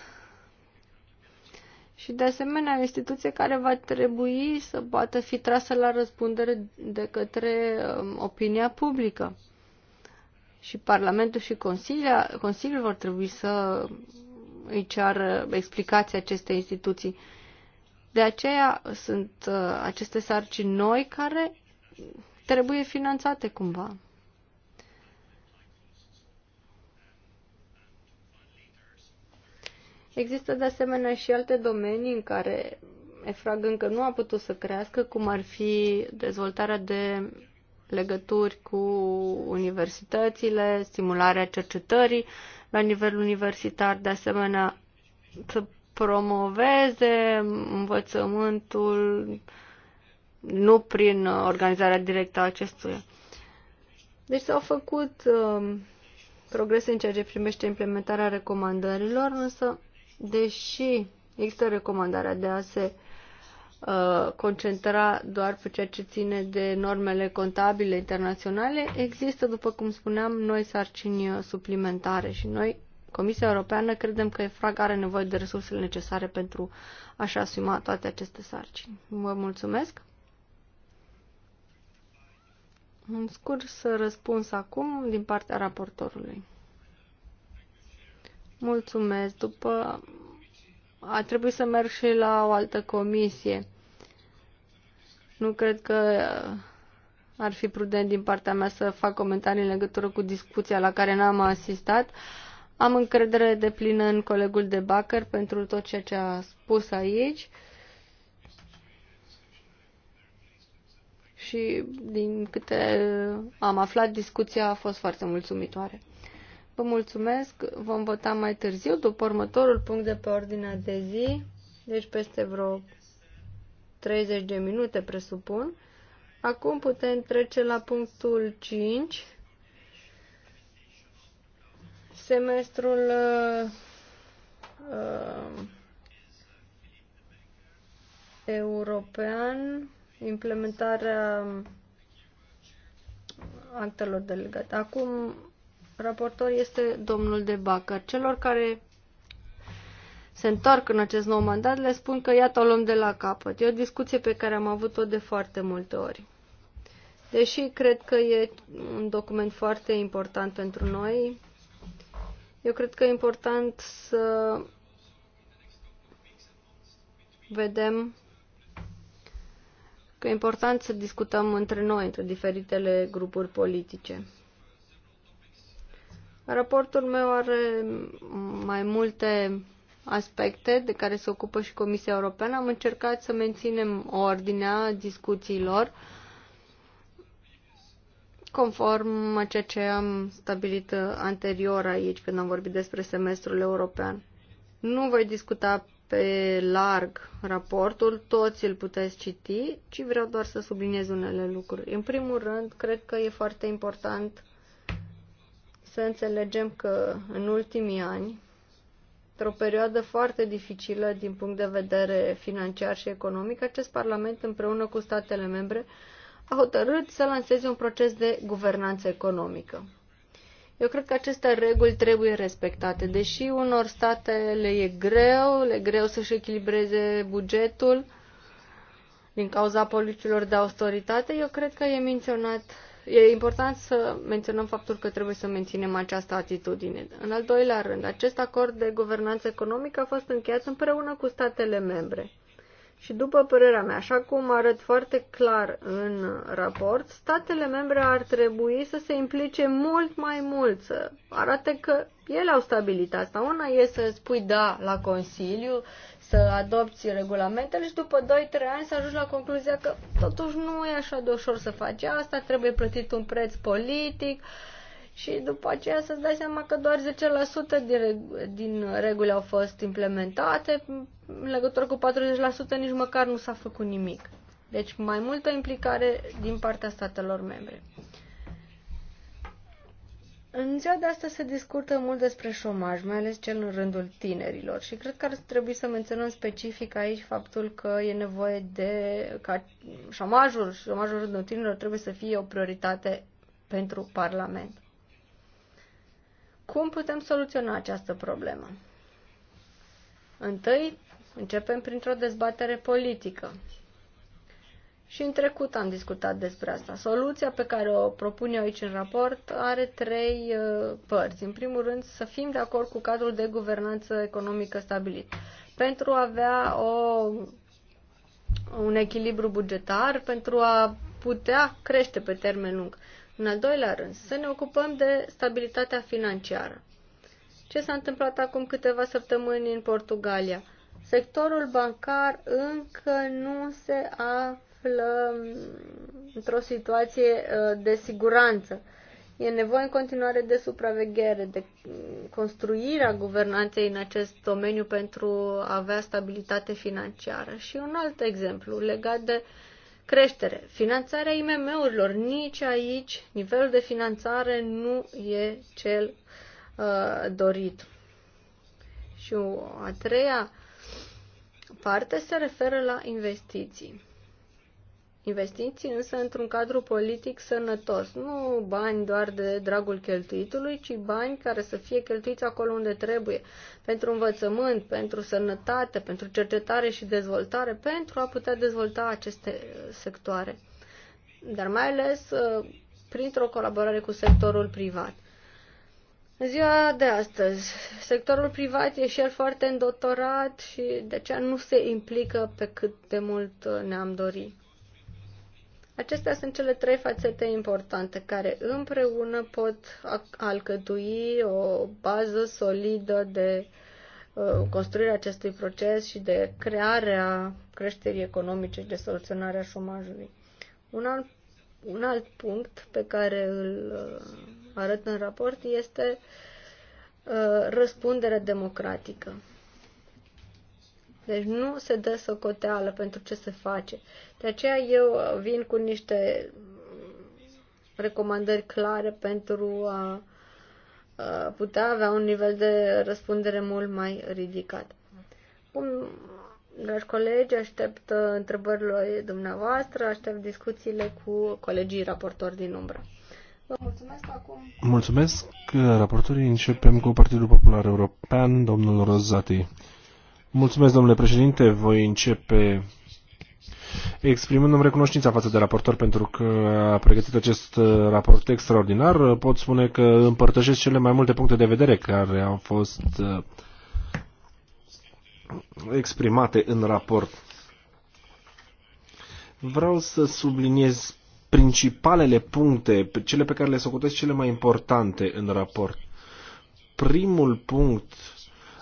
B: Și de asemenea, o instituție care va trebui să poată fi trasă la răspundere de către um, opinia publică și Parlamentul și Consiliul, Consiliul vor trebui să îi ceară explicații aceste instituții. De aceea sunt uh, aceste sarcini noi care trebuie finanțate cumva. Există de asemenea și alte domenii în care EFRAG încă nu a putut să crească, cum ar fi dezvoltarea de legături cu universitățile, stimularea cercetării la nivel universitar, de asemenea să promoveze învățământul nu prin organizarea directă a acestuia. Deci s-au făcut um, progrese în ceea ce primește implementarea recomandărilor, însă, deși există recomandarea de a se Uh, concentra doar pe ceea ce ține de normele contabile internaționale, există, după cum spuneam, noi sarcini uh, suplimentare și noi, Comisia Europeană, credem că EFRAG are nevoie de resursele necesare pentru a-și asuma toate aceste sarcini. Vă mulțumesc! Un scurs răspuns acum din partea raportorului. Mulțumesc! După a trebuit să merg și la o altă comisie. Nu cred că uh, ar fi prudent din partea mea să fac comentarii în legătură cu discuția la care n-am asistat. Am încredere de plină în colegul de Bacăr pentru tot ceea ce a spus aici. Și din câte am aflat, discuția a fost foarte mulțumitoare. Vă mulțumesc, vom vota mai târziu, după următorul punct de pe ordinea de zi, deci peste vreo 30 de minute, presupun. Acum putem trece la punctul 5, semestrul uh, uh, european, implementarea actelor delegate. Acum, raportor este domnul de Bacar Celor care se întorc în acest nou mandat, le spun că iată o luăm de la capăt. E o discuție pe care am avut-o de foarte multe ori. Deși cred că e un document foarte important pentru noi, eu cred că e important să vedem că e important să discutăm între noi, între diferitele grupuri politice. Raportul meu are mai multe aspecte de care se ocupă și Comisia Europeană. Am încercat să menținem ordinea discuțiilor conform a ceea ce am stabilit anterior aici când am vorbit despre semestrul european. Nu voi discuta pe larg raportul, toți îl puteți citi, ci vreau doar să subliniez unele lucruri. În primul rând, cred că e foarte important să înțelegem că în ultimii ani într-o perioadă foarte dificilă din punct de vedere financiar și economic, acest Parlament împreună cu statele membre a hotărât să lanseze un proces de guvernanță economică. Eu cred că aceste reguli trebuie respectate. Deși unor state le e greu, le e greu să-și echilibreze bugetul din cauza politicilor de austeritate, eu cred că e menționat e important să menționăm faptul că trebuie să menținem această atitudine. În al doilea rând, acest acord de guvernanță economică a fost încheiat împreună cu statele membre. Și după părerea mea, așa cum arăt foarte clar în raport, statele membre ar trebui să se implice mult mai mult, să arate că ele au stabilit asta. Una e să spui da la Consiliu să adopți regulamentele și după 2-3 ani să ajungi la concluzia că totuși nu e așa de ușor să faci asta, trebuie plătit un preț politic și după aceea să-ți dai seama că doar 10% din, din reguli au fost implementate, în legătură cu 40% nici măcar nu s-a făcut nimic. Deci mai multă implicare din partea statelor membre. În ziua de astăzi se discută mult despre șomaj, mai ales cel în rândul tinerilor și cred că ar trebui să menționăm specific aici faptul că e nevoie de ca șomajul, șomajul în rândul tinerilor trebuie să fie o prioritate pentru Parlament. Cum putem soluționa această problemă? Întâi, începem printr-o dezbatere politică și în trecut am discutat despre asta. Soluția pe care o propun eu aici în raport are trei uh, părți. În primul rând, să fim de acord cu cadrul de guvernanță economică stabilit. Pentru a avea o, un echilibru bugetar, pentru a putea crește pe termen lung. În al doilea rând, să ne ocupăm de stabilitatea financiară. Ce s-a întâmplat acum câteva săptămâni în Portugalia? Sectorul bancar încă nu se a află mm, într-o situație uh, de siguranță. E nevoie în continuare de supraveghere, de mm, construirea guvernanței în acest domeniu pentru a avea stabilitate financiară. Și un alt exemplu legat de creștere. Finanțarea IMM-urilor. Nici aici nivelul de finanțare nu e cel uh, dorit. Și o a treia parte se referă la investiții investiții, însă într-un cadru politic sănătos. Nu bani doar de dragul cheltuitului, ci bani care să fie cheltuiți acolo unde trebuie. Pentru învățământ, pentru sănătate, pentru cercetare și dezvoltare, pentru a putea dezvolta aceste uh, sectoare. Dar mai ales uh, printr-o colaborare cu sectorul privat. În ziua de astăzi, sectorul privat e și el foarte îndotorat și de aceea nu se implică pe cât de mult uh, ne-am dorit. Acestea sunt cele trei fațete importante care împreună pot alcătui o bază solidă de uh, construirea acestui proces și de crearea creșterii economice și de soluționarea șomajului. Un alt, un alt punct pe care îl uh, arăt în raport este uh, răspunderea democratică. Deci nu se dă socoteală pentru ce se face. De aceea eu vin cu niște recomandări clare pentru a putea avea un nivel de răspundere mult mai ridicat. Bun, dragi colegi, aștept uh, întrebările dumneavoastră, aștept discuțiile cu colegii raportori din umbră. Vă mulțumesc
A: acum. Mulțumesc. Raportorii începem cu Partidul Popular European, domnul Rozati. Mulțumesc, domnule președinte. Voi începe exprimându-mi recunoștința față de raportor pentru că a pregătit acest uh, raport extraordinar. Pot spune că împărtășesc cele mai multe puncte de vedere care au fost uh, exprimate în raport. Vreau să subliniez principalele puncte, cele pe care le socotesc cele mai importante în raport. Primul punct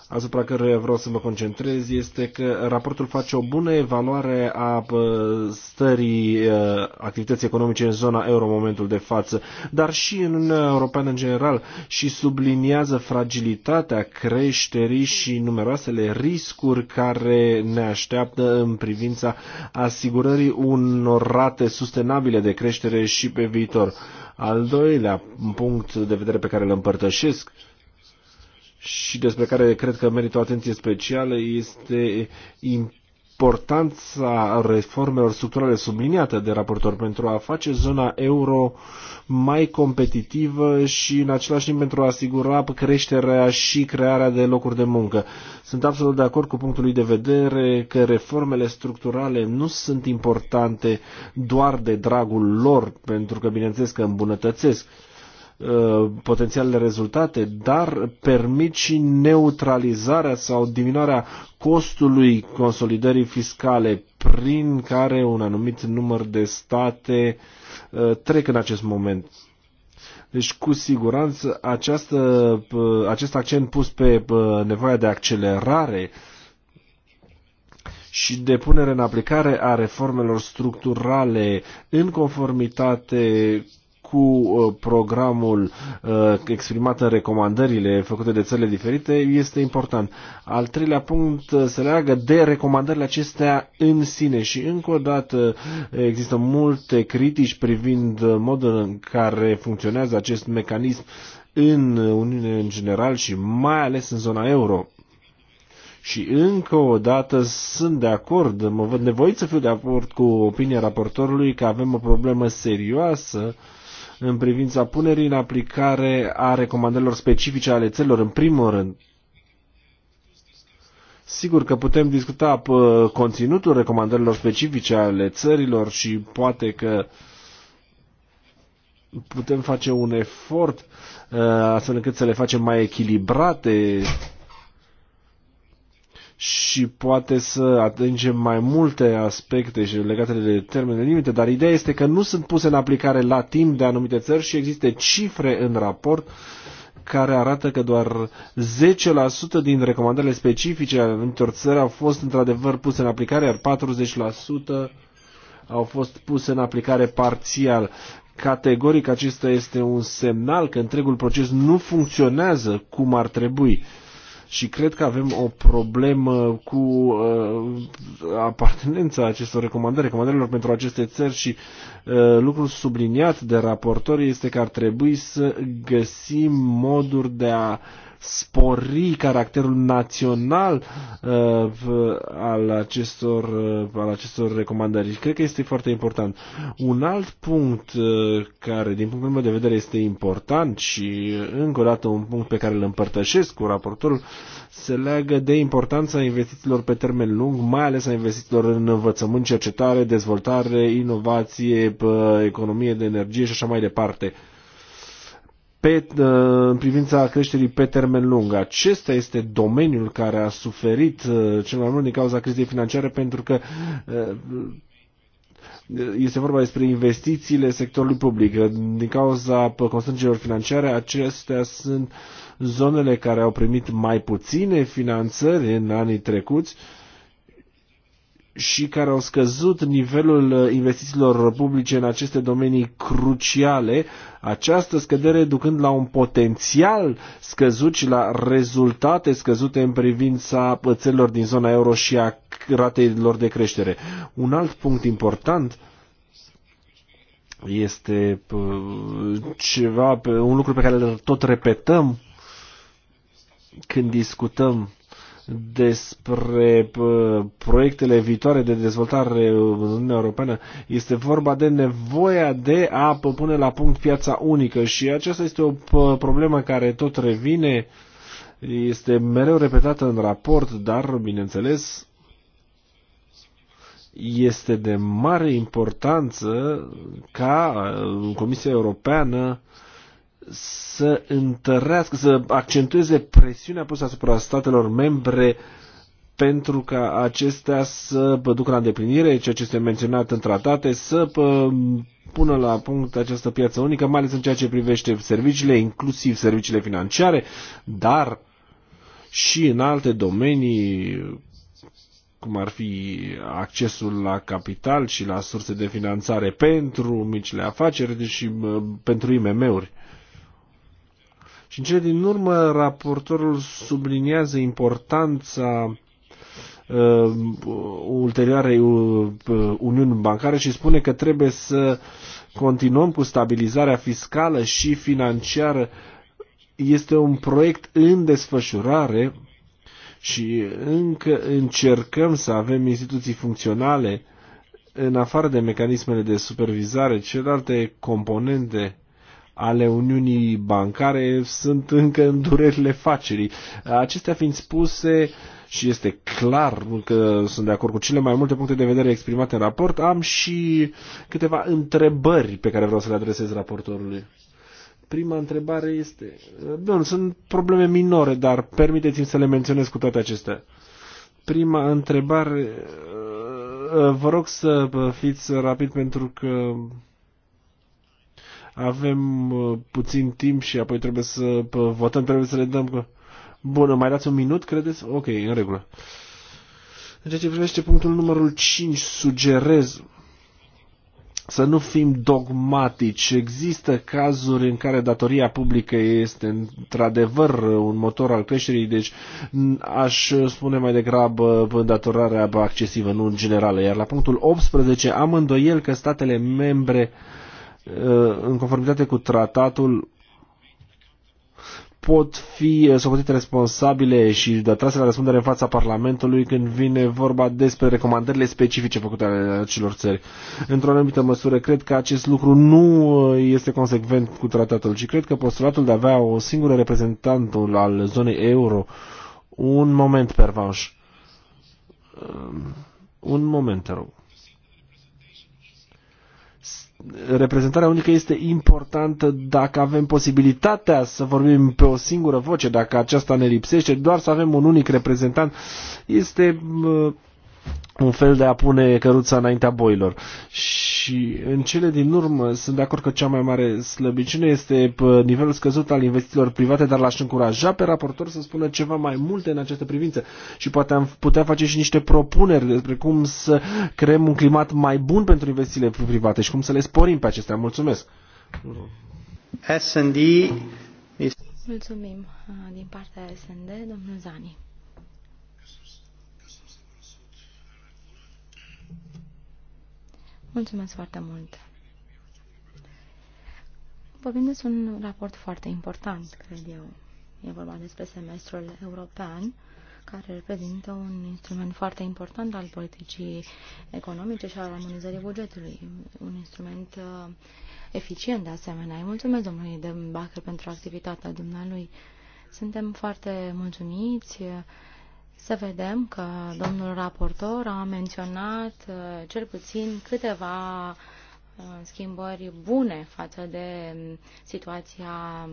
A: asupra căruia vreau să mă concentrez este că raportul face o bună evaluare a uh, stării uh, activității economice în zona euro în momentul de față, dar și în Uniunea Europeană în general și subliniază fragilitatea creșterii și numeroasele riscuri care ne așteaptă în privința asigurării unor rate sustenabile de creștere și pe viitor. Al doilea punct de vedere pe care îl împărtășesc și despre care cred că merită o atenție specială este importanța reformelor structurale subliniată de raportor pentru a face zona euro mai competitivă și în același timp pentru a asigura creșterea și crearea de locuri de muncă. Sunt absolut de acord cu punctul lui de vedere că reformele structurale nu sunt importante doar de dragul lor, pentru că bineînțeles că îmbunătățesc uh, Uh, potențialele rezultate, dar permit și neutralizarea sau diminuarea costului consolidării fiscale prin care un anumit număr de state uh, trec în acest moment. Deci, cu siguranță, această, uh, acest accent pus pe nevoia de accelerare și de punere în aplicare a reformelor structurale în conformitate cu uh, programul uh, exprimat în recomandările făcute de țările diferite este important. Al treilea punct uh, se leagă de recomandările acestea în sine și încă o dată există multe critici privind modul în care funcționează acest mecanism în Uniune în general și mai ales în zona euro. Și încă o dată sunt de acord, mă văd nevoit să fiu de acord cu opinia raportorului că avem o problemă serioasă uh, în privința punerii în aplicare a recomandărilor specifice ale țărilor, în primul rând. Sigur că putem discuta pe conținutul recomandărilor specifice ale țărilor și poate că putem face un efort ă, astfel încât să le facem mai echilibrate și poate să atingem mai multe aspecte și legate de termene limite, dar ideea este că nu sunt puse în aplicare la timp de anumite țări și există cifre în raport care arată că doar 10% din recomandările specifice ale anumitor țări au fost într-adevăr puse în aplicare, iar 40% au fost puse în aplicare parțial. Categoric acesta este un semnal că întregul proces nu funcționează cum ar trebui și cred că avem o problemă cu uh, apartenența acestor recomandări, recomandărilor pentru aceste țări și uh, lucrul subliniat de raportori este că ar trebui să găsim moduri de a uh, spori caracterul național uh, al, acestor, uh, al acestor recomandări. Și cred că este foarte important. Un alt punct uh, care, din punctul meu de vedere, este important și, uh, încă o dată, un punct pe care îl împărtășesc cu raportorul, se leagă de importanța investițiilor pe termen lung, mai ales a investițiilor în învățământ, cercetare, dezvoltare, inovație, economie de energie și așa mai departe pe, uh, în privința creșterii pe termen lung. Acesta este domeniul care a suferit uh, cel mai mult din cauza crizei financiare pentru că uh, este vorba despre investițiile sectorului public. Din cauza constrângerilor financiare, acestea sunt zonele care au primit mai puține finanțări în anii trecuți uh, și care au scăzut nivelul uh, investițiilor publice în aceste domenii cruciale, această scădere ducând la un potențial scăzut și la rezultate scăzute în privința uh, țărilor din zona euro și a ratelor de creștere. Un alt punct important este uh, ceva, un lucru pe care îl tot repetăm când discutăm despre proiectele viitoare de dezvoltare în Uniunea Europeană. Este vorba de nevoia de a pune la punct piața unică și aceasta este o problemă care tot revine, este mereu repetată în raport, dar, bineînțeles, este de mare importanță ca Comisia Europeană uh, să întărească, să accentueze presiunea pusă asupra statelor membre pentru ca acestea să ducă la îndeplinire ceea ce este menționat în tratate, să pună la punct această piață unică, mai ales în ceea ce privește serviciile, inclusiv serviciile financiare, dar și în alte domenii, cum ar fi accesul la capital și la surse de finanțare pentru micile afaceri și pentru IMM-uri. Și în cele din urmă, raportorul subliniază importanța uh, ulterioarei uh, Uniunii Bancare și spune că trebuie să continuăm cu stabilizarea fiscală și financiară. Este un proiect în desfășurare și încă încercăm să avem instituții funcționale în afară de mecanismele de supervizare, celelalte componente ale Uniunii Bancare sunt încă în durerile facerii. Acestea fiind spuse, și este clar că sunt de acord cu cele mai multe puncte de vedere exprimate în raport, am și câteva întrebări pe care vreau să le adresez raportorului. Prima întrebare este... Bun, sunt probleme minore, dar permiteți-mi să le menționez cu toate acestea. Prima întrebare... Vă rog să fiți rapid pentru că avem uh, puțin timp și apoi trebuie să votăm, trebuie să le dăm... Bun, mai dați un minut, credeți? Ok, în regulă. În ceea ce privește punctul numărul 5, sugerez să nu fim dogmatici. Există cazuri în care datoria publică este într-adevăr un motor al creșterii, deci aș spune mai degrabă îndatorarea accesivă, nu în generală. Iar la punctul 18 am îndoiel că statele membre uh, Uh, în conformitate cu tratatul pot fi uh, socotite responsabile și trase la răspundere în fața Parlamentului când vine vorba despre recomandările specifice făcute ale acelor țări. Într-o anumită măsură, cred că acest lucru nu uh, este consecvent cu tratatul, ci cred că postulatul de a avea o singură reprezentantul al zonei euro, un moment, pervanș. Um, un moment, te rog reprezentarea unică este importantă dacă avem posibilitatea să vorbim pe o singură voce, dacă aceasta ne lipsește, doar să avem un unic reprezentant este un fel de a pune căruța înaintea boilor. Și în cele din urmă sunt de acord că cea mai mare slăbiciune este nivelul scăzut al investițiilor private, dar l-aș încuraja pe raportor să spună ceva mai multe în această privință și poate am putea face și niște propuneri despre cum să creăm un climat mai bun pentru investițiile private și cum să le sporim pe acestea. Mulțumesc! S&D
C: Mulțumim uh, din partea SND, domnul Zani. Mulțumesc foarte mult. Vorbim despre un raport foarte important, cred eu. E vorba despre semestrul european, care reprezintă un instrument foarte important al politicii economice și al armonizării bugetului. Un instrument uh, eficient, de asemenea. Îi mulțumesc domnului Dembacher pentru activitatea dumnealui. Suntem foarte mulțumiți să vedem că domnul raportor a menționat uh, cel puțin câteva uh, schimbări bune față de um, situația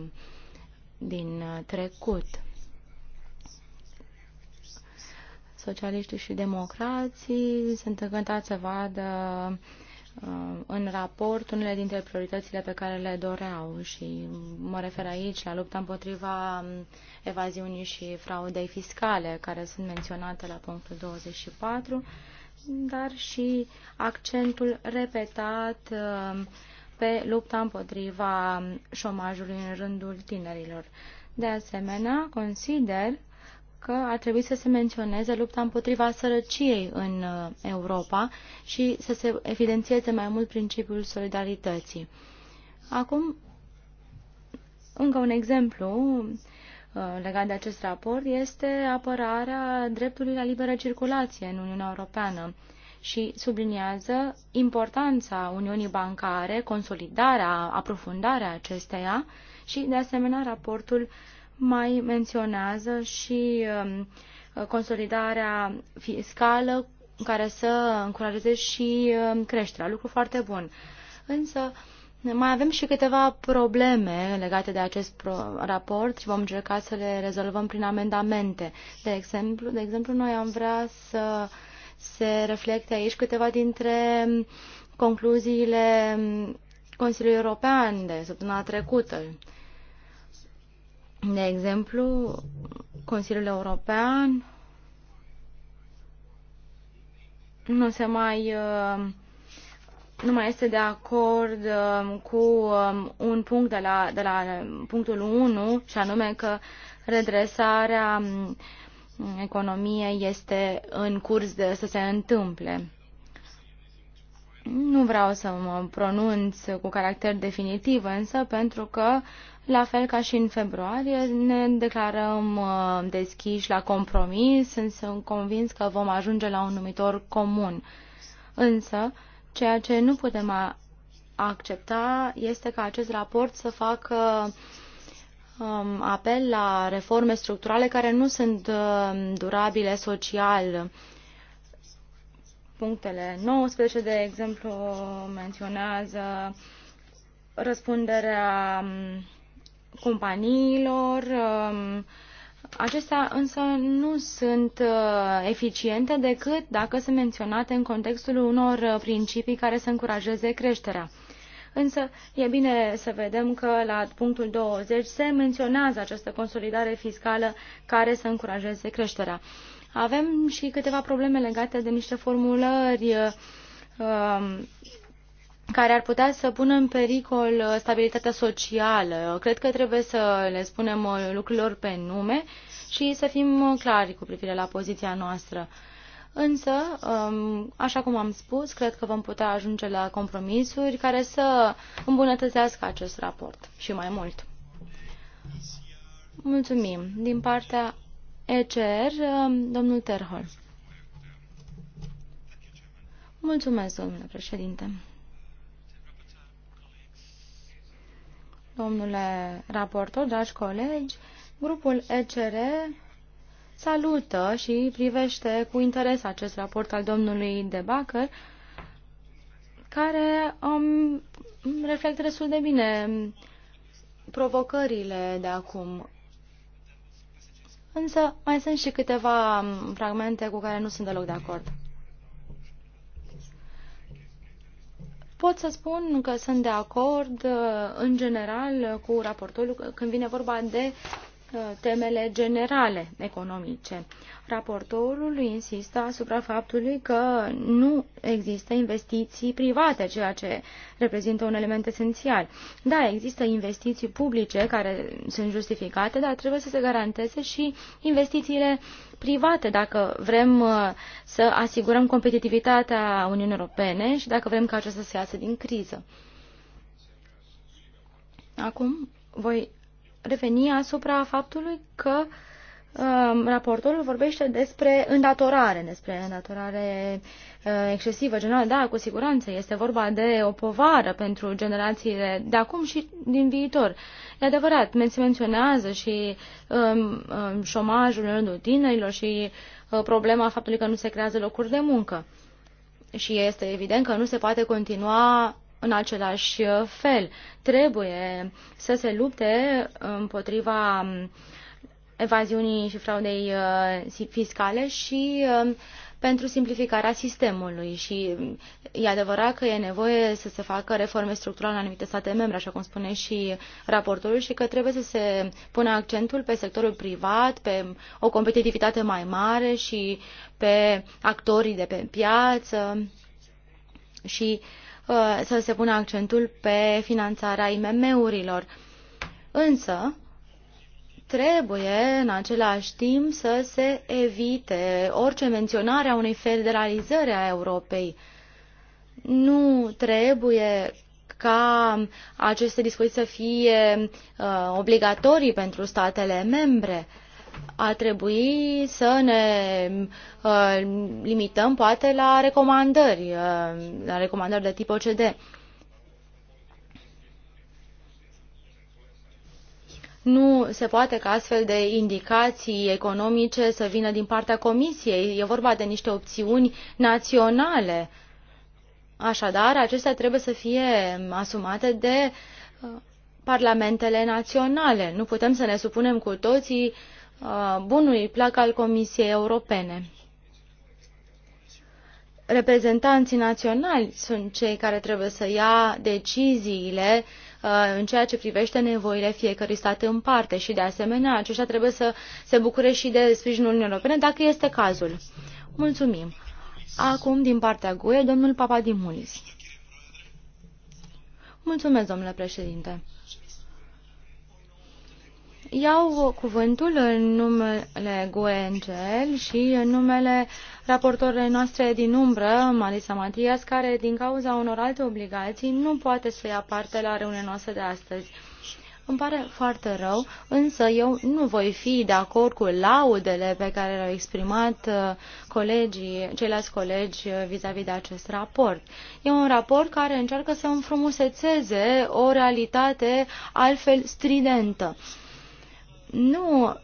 C: din uh, trecut. Socialiștii și democrații sunt încântați să vadă uh, Uh, în raport unele dintre prioritățile pe care le doreau și mă refer aici la lupta împotriva um, evaziunii și fraudei fiscale care sunt menționate la punctul 24, dar și accentul repetat uh, pe lupta împotriva șomajului în rândul tinerilor. De asemenea, consider că ar trebui să se menționeze lupta împotriva sărăciei în uh, Europa și să se evidențieze mai mult principiul solidarității. Acum, încă un exemplu uh, legat de acest raport este apărarea dreptului la liberă circulație în Uniunea Europeană și subliniază importanța Uniunii Bancare, consolidarea, aprofundarea acesteia și, de asemenea, raportul uh, mai menționează și um, consolidarea fiscală care să încurajeze și um, creșterea, lucru foarte bun. Însă mai avem și câteva probleme legate de acest raport și vom încerca să le rezolvăm prin amendamente. De exemplu, de exemplu noi am vrea să se reflecte aici câteva dintre um, concluziile Consiliului European de săptămâna trecută de exemplu, Consiliul European nu se mai uh, nu mai este de acord um, cu um, un punct de la, de la punctul 1 și anume că redresarea um, economiei este în curs de să se întâmple. Nu vreau să mă pronunț cu caracter definitiv, însă, pentru că, la fel ca și în februarie, ne declarăm uh, deschiși la compromis, însă sunt convins că vom ajunge la un numitor comun. Însă, ceea ce nu putem accepta este ca acest raport să facă um, apel la reforme structurale care nu sunt uh, durabile social punctele 19, de exemplu, menționează răspunderea um, companiilor. Um, acestea însă nu sunt uh, eficiente decât dacă sunt menționate în contextul unor uh, principii care să încurajeze creșterea. Însă e bine să vedem că la punctul 20 se menționează această consolidare fiscală care să încurajeze creșterea. Avem și câteva probleme legate de niște formulări uh, um, care ar putea să pună în pericol uh, stabilitatea socială. Cred că trebuie să le spunem uh, lucrurilor pe nume și să fim clari cu privire la poziția noastră. Însă, um, așa cum am spus, cred că vom putea ajunge la compromisuri care să îmbunătățească acest raport și mai mult. Mulțumim. Din partea ECR, um, domnul Terhol. Mulțumesc, domnule președinte. Domnule raportor, dragi colegi, grupul ECR salută și privește cu interes acest raport al domnului De Bacăr, care um, reflectă destul de bine provocările de acum Însă mai sunt și câteva um, fragmente cu care nu sunt deloc de acord. Pot să spun că sunt de acord uh, în general cu raportul când vine vorba de Uh, temele generale economice. Raportorul insistă asupra faptului că nu există investiții private, ceea ce reprezintă un element esențial. Da, există investiții publice care sunt justificate, dar trebuie să se garanteze și investițiile private dacă vrem uh, să asigurăm competitivitatea Uniunii Europene și dacă vrem ca aceasta să iasă din criză. Acum voi reveni asupra faptului că uh, raportorul vorbește despre îndatorare, despre îndatorare uh, excesivă generală. Da, cu siguranță este vorba de o povară pentru generațiile de acum și din viitor. E adevărat, se menționează și um, um, șomajul în rândul tinerilor și uh, problema faptului că nu se creează locuri de muncă. Și este evident că nu se poate continua în același uh, fel. Trebuie să se lupte împotriva um, evaziunii și fraudei uh, fiscale și um, pentru simplificarea sistemului și um, e adevărat că e nevoie să se facă reforme structurale în anumite state membre, așa cum spune și raportul, și că trebuie să se pună accentul pe sectorul privat, pe o competitivitate mai mare și pe actorii de pe piață și uh, Uh, să se pună accentul pe finanțarea IMM-urilor. Însă, trebuie în același timp să se evite orice menționare a unei federalizări a Europei. Nu trebuie ca aceste discuții să fie uh, obligatorii pentru statele membre. Uh, a trebui să ne uh, limităm poate la recomandări, uh, la recomandări de tip OCD. Nu se poate ca astfel de indicații economice să vină din partea Comisiei. E vorba de niște opțiuni naționale. Așadar, acestea trebuie să fie asumate de uh, parlamentele naționale. Nu putem să ne supunem cu toții uh, Uh, bunului plac al Comisiei Europene. Reprezentanții naționali sunt cei care trebuie să ia deciziile uh, în ceea ce privește nevoile fiecărui stat în parte și, de asemenea, aceștia trebuie să se bucure și de sprijinul Uniunii Europene, dacă este cazul. Mulțumim. Acum, din partea GUE, domnul Papadimulis. Mulțumesc, domnule președinte. Iau cuvântul în numele Guengel și în numele raportorului noastre din umbră, Marisa Matias, care din cauza unor alte obligații nu poate să ia parte la reuniunea noastră de astăzi. Îmi pare foarte rău, însă eu nu voi fi de acord cu laudele pe care le-au exprimat uh, colegii, ceilalți colegi vis-a-vis -vis de acest raport. E un raport care încearcă să înfrumusețeze o realitate altfel stridentă nu,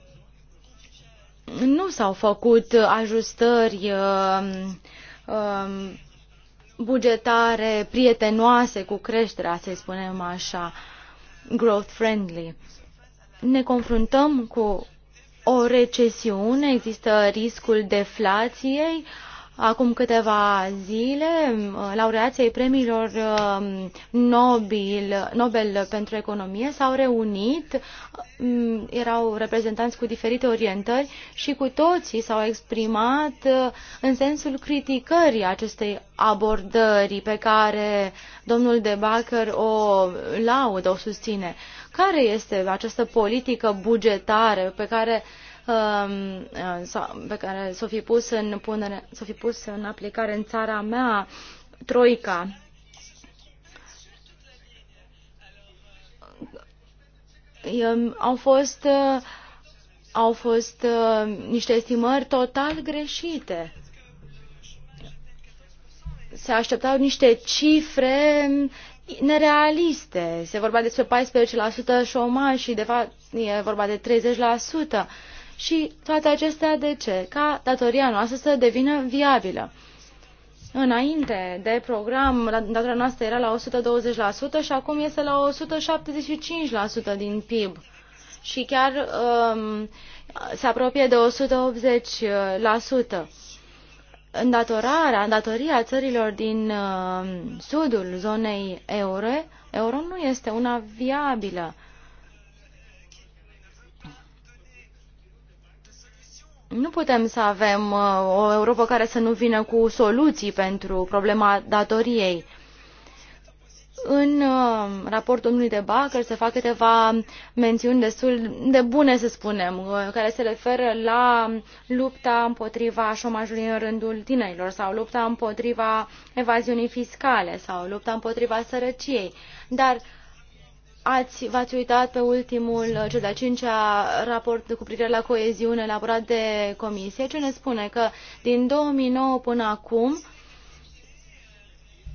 C: nu s-au făcut ajustări uh, um, bugetare prietenoase cu creșterea, să spunem așa, growth friendly. Ne confruntăm cu o recesiune, există riscul deflației, uh, Acum câteva zile, laureații premiilor um, Nobel, Nobel pentru economie s-au reunit, um, erau reprezentanți cu diferite orientări și cu toții s-au exprimat uh, în sensul criticării acestei abordări pe care domnul De Bacher o laudă, o susține. Care este această politică bugetară pe care uh, Um, uh, pe care s-o fi pus în, punere, s-o fi pus în aplicare în țara mea, Troica. Um, au fost, uh, au fost uh, niște estimări total greșite se așteptau niște cifre nerealiste. Se vorbea despre 14% șomaj și de fapt e vorba de 30%. Și toate acestea de ce? Ca datoria noastră să devină viabilă. Înainte de program, datoria noastră era la 120% și acum este la 175% din PIB. Și chiar um, se apropie de 180% îndatorarea, datoria țărilor din uh, sudul zonei euro, euro nu este una viabilă. Nu putem să avem uh, o Europă care să nu vină cu soluții pentru problema datoriei. În uh, raportul domnului de Bacăr se fac câteva mențiuni destul de bune, să spunem, uh, care se referă la lupta împotriva șomajului în rândul tinerilor sau lupta împotriva evaziunii fiscale sau lupta împotriva sărăciei. Dar Ați, v-ați uitat pe ultimul, uh, cel de-al cincea raport cu privire la coeziune elaborat de comisie, ce ne spune că din 2009 până acum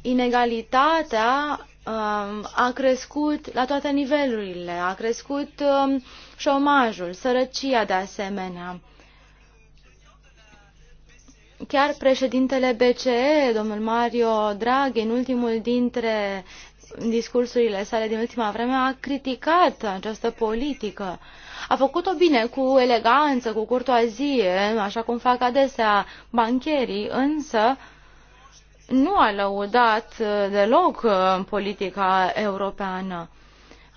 C: inegalitatea um, a crescut la toate nivelurile, a crescut um, șomajul, sărăcia de asemenea. Chiar președintele BCE, domnul Mario Draghi, în ultimul dintre în discursurile sale din ultima vreme a criticat această politică. A făcut-o bine, cu eleganță, cu curtoazie, așa cum fac adesea bancherii, însă nu a lăudat deloc politica europeană.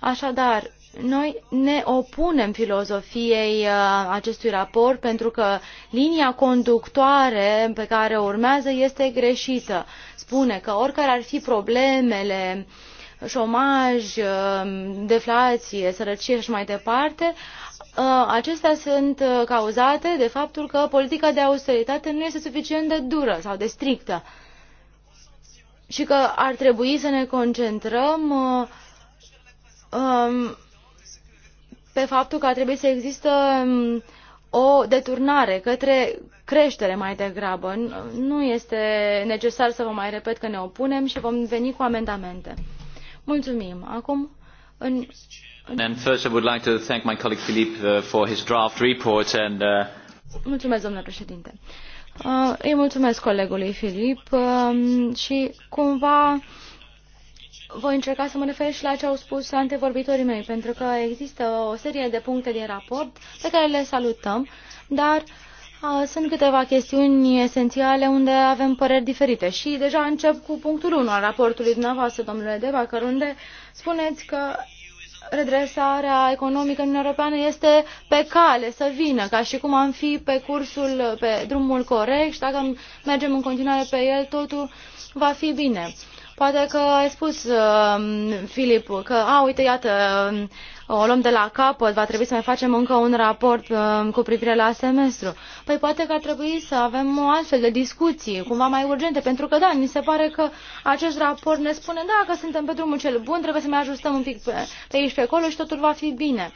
C: Așadar, noi ne opunem filozofiei uh, acestui raport pentru că linia conductoare pe care o urmează este greșită. Spune că oricare ar fi problemele șomaj, uh, deflație, sărăcie și mai departe, uh, acestea sunt uh, cauzate de faptul că politica de austeritate nu este suficient de dură sau de strictă și că ar trebui să ne concentrăm um, pe faptul că ar trebui să există um, o deturnare către creștere mai degrabă. Nu este necesar să vă mai repet că ne opunem și vom veni cu amendamente. Mulțumim. Acum, în...
B: And first I would like to thank my colleague Philippe uh, for his draft report and uh...
C: Mulțumesc, domnule președinte. Uh, îi mulțumesc colegului Filip uh, și cumva voi încerca să mă refer și la ce au spus antevorbitorii mei, pentru că există o serie de puncte din raport pe care le salutăm, dar uh, sunt câteva chestiuni esențiale unde avem păreri diferite și deja încep cu punctul 1 al raportului dumneavoastră, domnule Debacar, unde spuneți că redresarea economică în Europeană este pe cale să vină, ca și cum am fi pe cursul, pe drumul corect și dacă mergem în continuare pe el, totul va fi bine. Poate că ai spus, uh, Filip, că, a, uite, iată, uh, o luăm de la capăt, va trebui să mai facem încă un raport uh, cu privire la semestru. Păi poate că ar trebui să avem o altfel de discuții, cumva mai urgente, pentru că da, mi se pare că acest raport ne spune, da, că suntem pe drumul cel bun, trebuie să mai ajustăm un pic pe, pe aici, pe acolo și totul va fi bine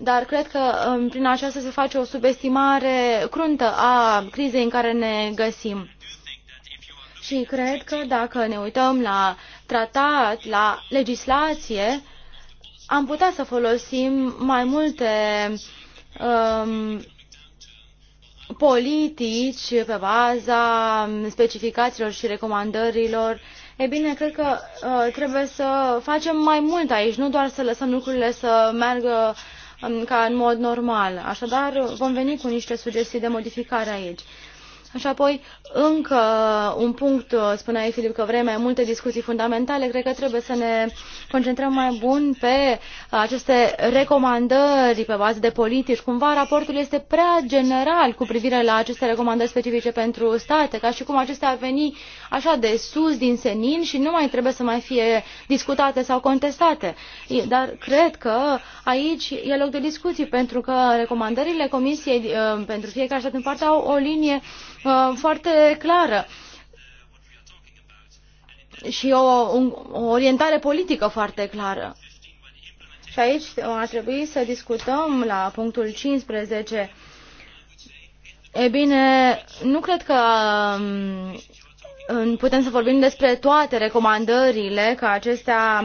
C: dar cred că um, prin aceasta se face o subestimare cruntă a crizei în care ne găsim. Și cred că dacă ne uităm la tratat, la legislație, am putea să folosim mai multe um, politici pe baza specificațiilor și recomandărilor. E bine, cred că uh, trebuie să facem mai mult aici, nu doar să lăsăm lucrurile să meargă um, ca în mod normal. Așadar, vom veni cu niște sugestii de modificare aici. Și apoi, încă un punct, uh, spuneai, Filip, că vrei mai multe discuții fundamentale. Cred că trebuie să ne concentrăm mai bun pe aceste recomandări pe bază de politici. Cumva, raportul este prea general cu privire la aceste recomandări specifice pentru state, ca și cum acestea ar veni așa de sus, din senin și nu mai trebuie să mai fie discutate sau contestate. Dar cred că aici e loc de discuții, pentru că recomandările Comisiei uh, pentru fiecare stat în parte au o linie Uh, foarte clară și o, un, o orientare politică foarte clară. Și aici uh, a trebui să discutăm la punctul 15. E bine, nu cred că um, putem să vorbim despre toate recomandările, că acestea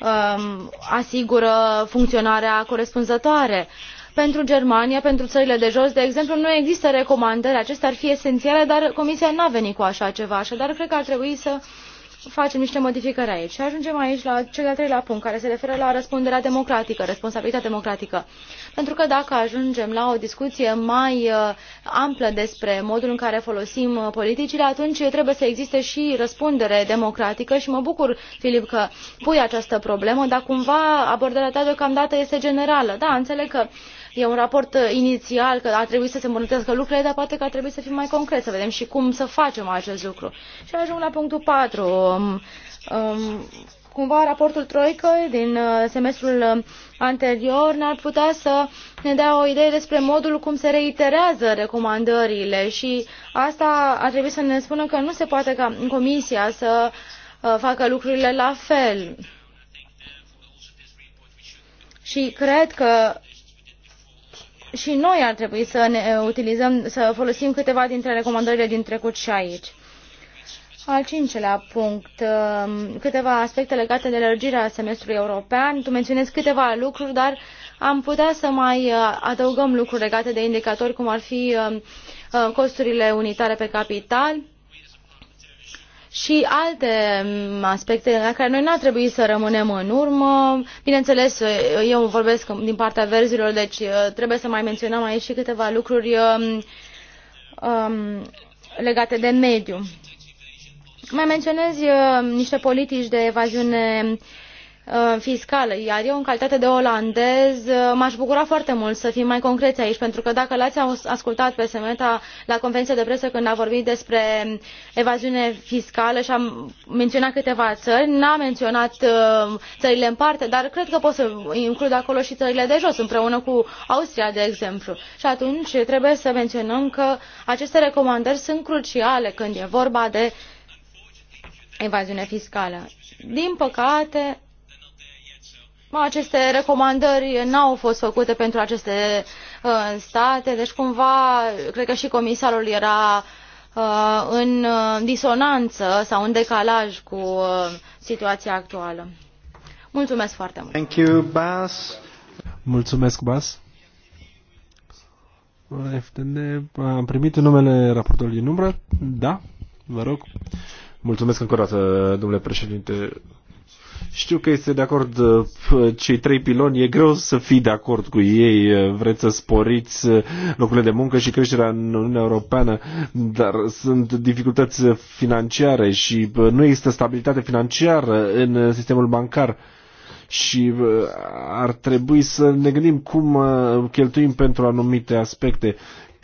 C: um, asigură funcționarea corespunzătoare pentru germania pentru țările de jos de exemplu nu există recomandări acestea ar fi esențiale dar comisia nu a venit cu așa ceva așadar cred că ar trebui să facem niște modificări aici. Și ajungem aici la cel de-al treilea punct, care se referă la răspunderea democratică, responsabilitatea democratică. Pentru că dacă ajungem la o discuție mai uh, amplă despre modul în care folosim uh, politicile, atunci trebuie să existe și răspundere democratică și mă bucur, Filip, că pui această problemă, dar cumva abordarea ta deocamdată este generală. Da, înțeleg că e un raport uh, inițial că ar trebui să se îmbunătățească lucrurile, dar poate că ar trebui să fim mai concret, să vedem și cum să facem acest lucru. Și ajung la punctul 4. Um, um, cumva raportul Troică din uh, semestrul uh, anterior ne-ar putea să ne dea o idee despre modul cum se reiterează recomandările și asta ar trebui să ne spună că nu se poate ca Comisia să facă lucrurile la fel. Și cred că și noi ar trebui să ne utilizăm, să folosim câteva dintre recomandările din trecut și aici. Al cincelea punct, um, câteva aspecte legate de lărgirea semestrului european. Tu menționezi câteva lucruri, dar am putea să mai uh, adăugăm lucruri legate de indicatori, cum ar fi um, uh, costurile unitare pe capital, și alte mm, aspecte la care noi n-ar trebui să rămânem în urmă. Bineînțeles, eh, eu vorbesc din partea verzilor, deci eh, trebuie să mai menționăm aici și câteva lucruri um, legate de mediu. Mai menționez niște politici de evaziune uh, Uh, fiscală iar eu în calitate de olandez uh, m aș bucura foarte mult să fim mai concreți aici pentru că dacă l ați ascultat pe emeta la conferința de presă când a vorbit despre evaziune fiscală și a menționat câteva țări n a menționat uh, țările în parte dar cred că pot să includ acolo și țările de jos împreună cu austria de exemplu și atunci trebuie să menționăm că aceste recomandări sunt cruciale când e vorba de evaziune fiscală. Din păcate, aceste recomandări nu au fost făcute pentru aceste uh, state deci cumva cred că și comisarul era uh, în uh, disonanță sau în decalaj cu situația actuală. Mulțumesc foarte mult.
A: Thank you, Bas. Mulțumesc, Bas. FTN, am primit numele raportului din umbră? Da, vă rog. Mulțumesc încă o dată, domnule președinte. Știu că este de acord uh, cei trei piloni, e greu să fii de acord cu ei, uh, vreți să sporiți uh, locurile de muncă și creșterea în Uniunea Europeană, dar sunt dificultăți financiare și nu există stabilitate financiară în sistemul bancar și ar trebui să ne gândim cum cheltuim pentru anumite aspecte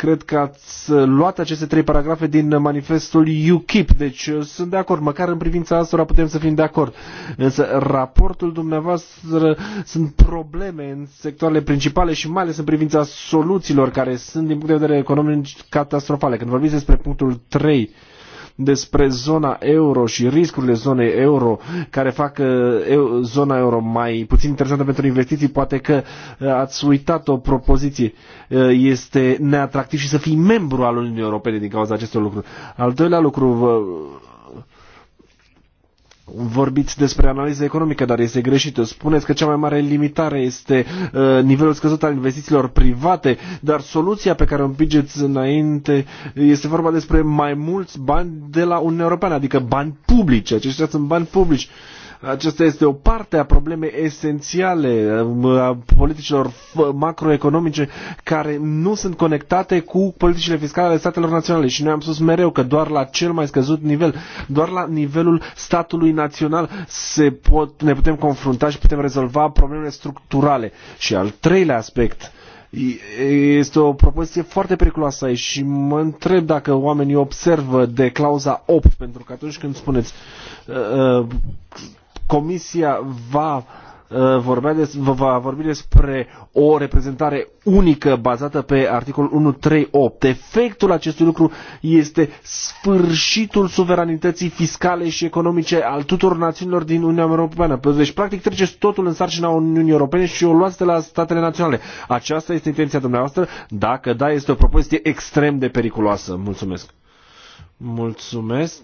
A: cred că ați uh, luat aceste trei paragrafe din uh, manifestul UKIP, deci uh, sunt de acord, măcar în privința asta putem să fim de acord. Însă raportul dumneavoastră sunt probleme în sectoarele principale și mai ales în privința soluțiilor care sunt din punct de vedere economic catastrofale. Când vorbiți despre punctul 3, despre zona euro și riscurile zonei euro care fac uh, zona euro mai puțin interesantă pentru investiții, poate că uh, ați uitat o propoziție. Uh, este neatractiv și să fii membru al Uniunii Europene din cauza acestor lucruri. Al doilea lucru, Vorbiți despre analiza economică, dar este greșită. Spuneți că cea mai mare limitare este uh, nivelul scăzut al investițiilor private, dar soluția pe care o împingeți înainte este vorba despre mai mulți bani de la Uniunea Europeană, adică bani publici. Aceștia sunt bani publici. Uh, aceasta este o parte a problemei esențiale um, a politicilor macroeconomice care nu sunt conectate cu politicile fiscale ale statelor naționale. Și noi am spus mereu că doar la cel mai scăzut nivel, doar la nivelul statului național se pot, ne putem confrunta și putem rezolva problemele structurale. Și al treilea aspect este o propoziție foarte periculoasă aici și mă întreb dacă oamenii observă de clauza 8, pentru că atunci când spuneți uh, uh, Comisia va uh, vorbea des, va vorbi despre o reprezentare unică bazată pe articolul 138. Efectul acestui lucru este sfârșitul suveranității fiscale și economice al tuturor națiunilor din Uniunea Europeană. Deci, practic, treceți totul în sarcina Uniunii Europene și o luați de la statele naționale. Aceasta este intenția dumneavoastră. Dacă da, este o propoziție extrem de periculoasă. Mulțumesc. Mulțumesc.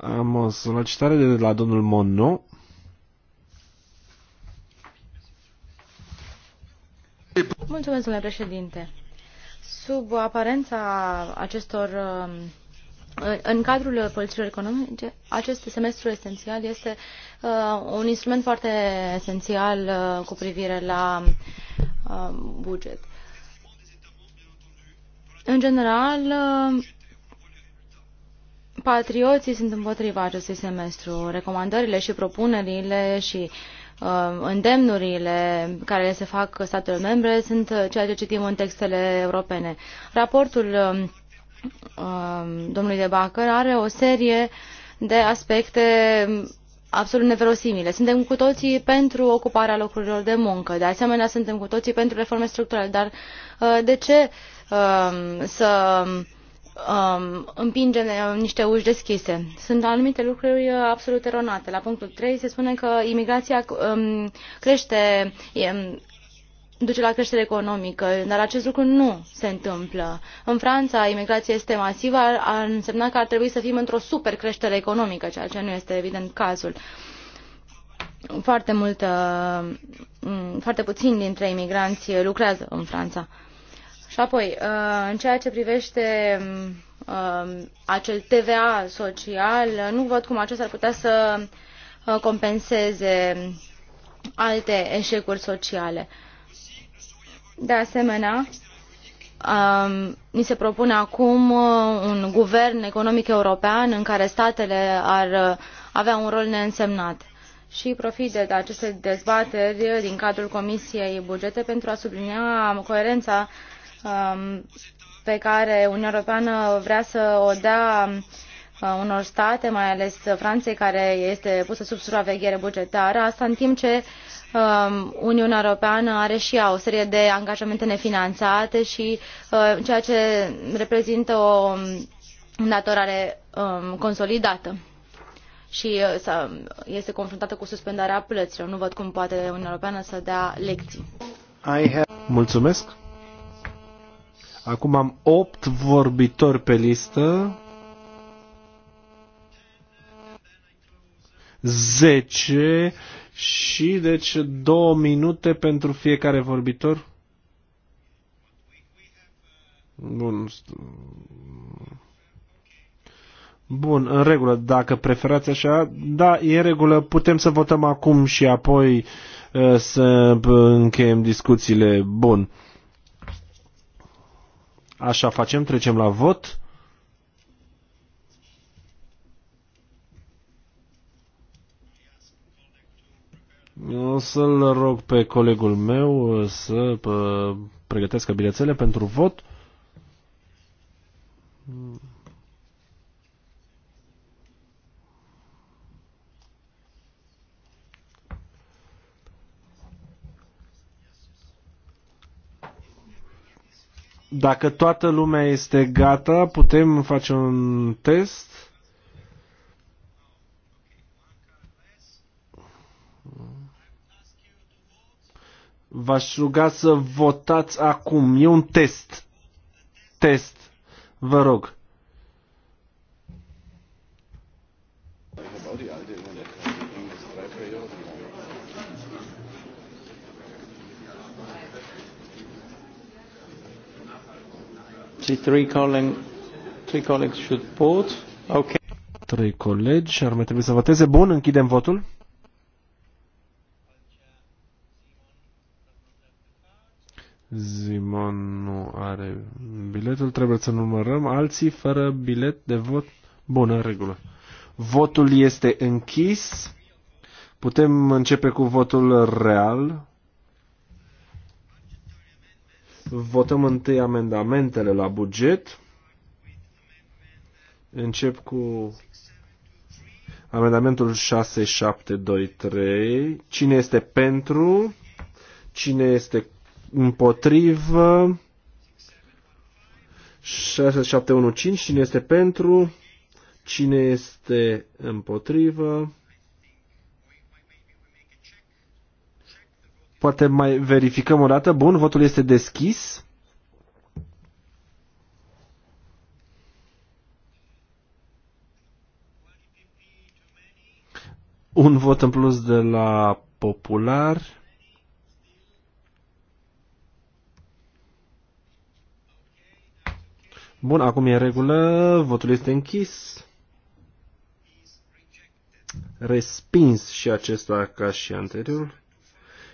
A: Am o solicitare de la domnul Monno.
C: Mulțumesc, domnule președinte. Sub aparența acestor, um, în cadrul politicilor economice, acest semestru esențial este uh, un instrument foarte esențial uh, cu privire la uh, buget. În general, Patrioții sunt împotriva acestui semestru. Recomandările și propunerile și uh, îndemnurile care le se fac statelor membre sunt ceea ce citim în textele europene. Raportul uh, uh, domnului de Bacăr are o serie de aspecte absolut neverosimile. Suntem cu toții pentru ocuparea locurilor de muncă, de asemenea suntem cu toții pentru reforme structurale, dar uh, de ce uh, să um, împinge niște uși deschise. Sunt anumite lucruri uh, absolut eronate. La punctul 3 se spune că imigrația um, crește, um, duce la creștere economică, dar acest lucru nu se întâmplă. În Franța, imigrația este masivă, ar, ar însemna că ar trebui să fim într-o super creștere economică, ceea ce nu este evident cazul. Foarte, multă, mm, foarte puțin dintre imigranți lucrează în Franța. Și apoi, uh, în ceea ce privește um, um, acel TVA social, uh, nu văd cum acesta ar putea să uh, compenseze alte eșecuri sociale. De asemenea, um, ni se propune acum un guvern economic european în care statele ar avea un rol neînsemnat și profit de aceste dezbateri din cadrul Comisiei Bugete pentru a sublinia coerența Um, pe care Uniunea Europeană vrea să o dea uh, unor state, mai ales Franței, care este pusă sub supraveghere bugetară, asta în timp ce um, Uniunea Europeană are și ea o serie de angajamente nefinanțate și uh, ceea ce reprezintă o îndatorare um, consolidată și uh, este confruntată cu suspendarea plăților. Nu văd cum poate Uniunea Europeană să dea lecții.
A: Mulțumesc. Acum am 8 vorbitori pe listă. 10 și deci două minute pentru fiecare vorbitor. Bun. Bun, în regulă, dacă preferați așa, da, e în regulă, putem să votăm acum și apoi uh, să încheiem discuțiile. Bun. Așa facem, trecem la vot. O să-l rog pe colegul meu uh, să uh, pregătească bilețele pentru vot. Dacă toată lumea este gata, putem face un test. V-aș ruga să votați acum. E un test. Test. Vă rog.
B: The three, calling, three colleagues should vote. Okay.
A: Trei colegi ar mai trebui să voteze. Bun, închidem votul. Zimon nu are biletul, trebuie să numărăm alții fără bilet de vot. Bun, în regulă. Votul este închis. Putem începe cu votul real. Votăm întâi amendamentele la buget. Încep cu amendamentul 6723. Cine este pentru? Cine este împotrivă? 6715. Cine este pentru? Cine este împotrivă? Poate mai verificăm o dată. Bun, votul este deschis. Un vot în plus de la popular. Bun, acum e în regulă, votul este închis. Respins și acesta ca și anterior.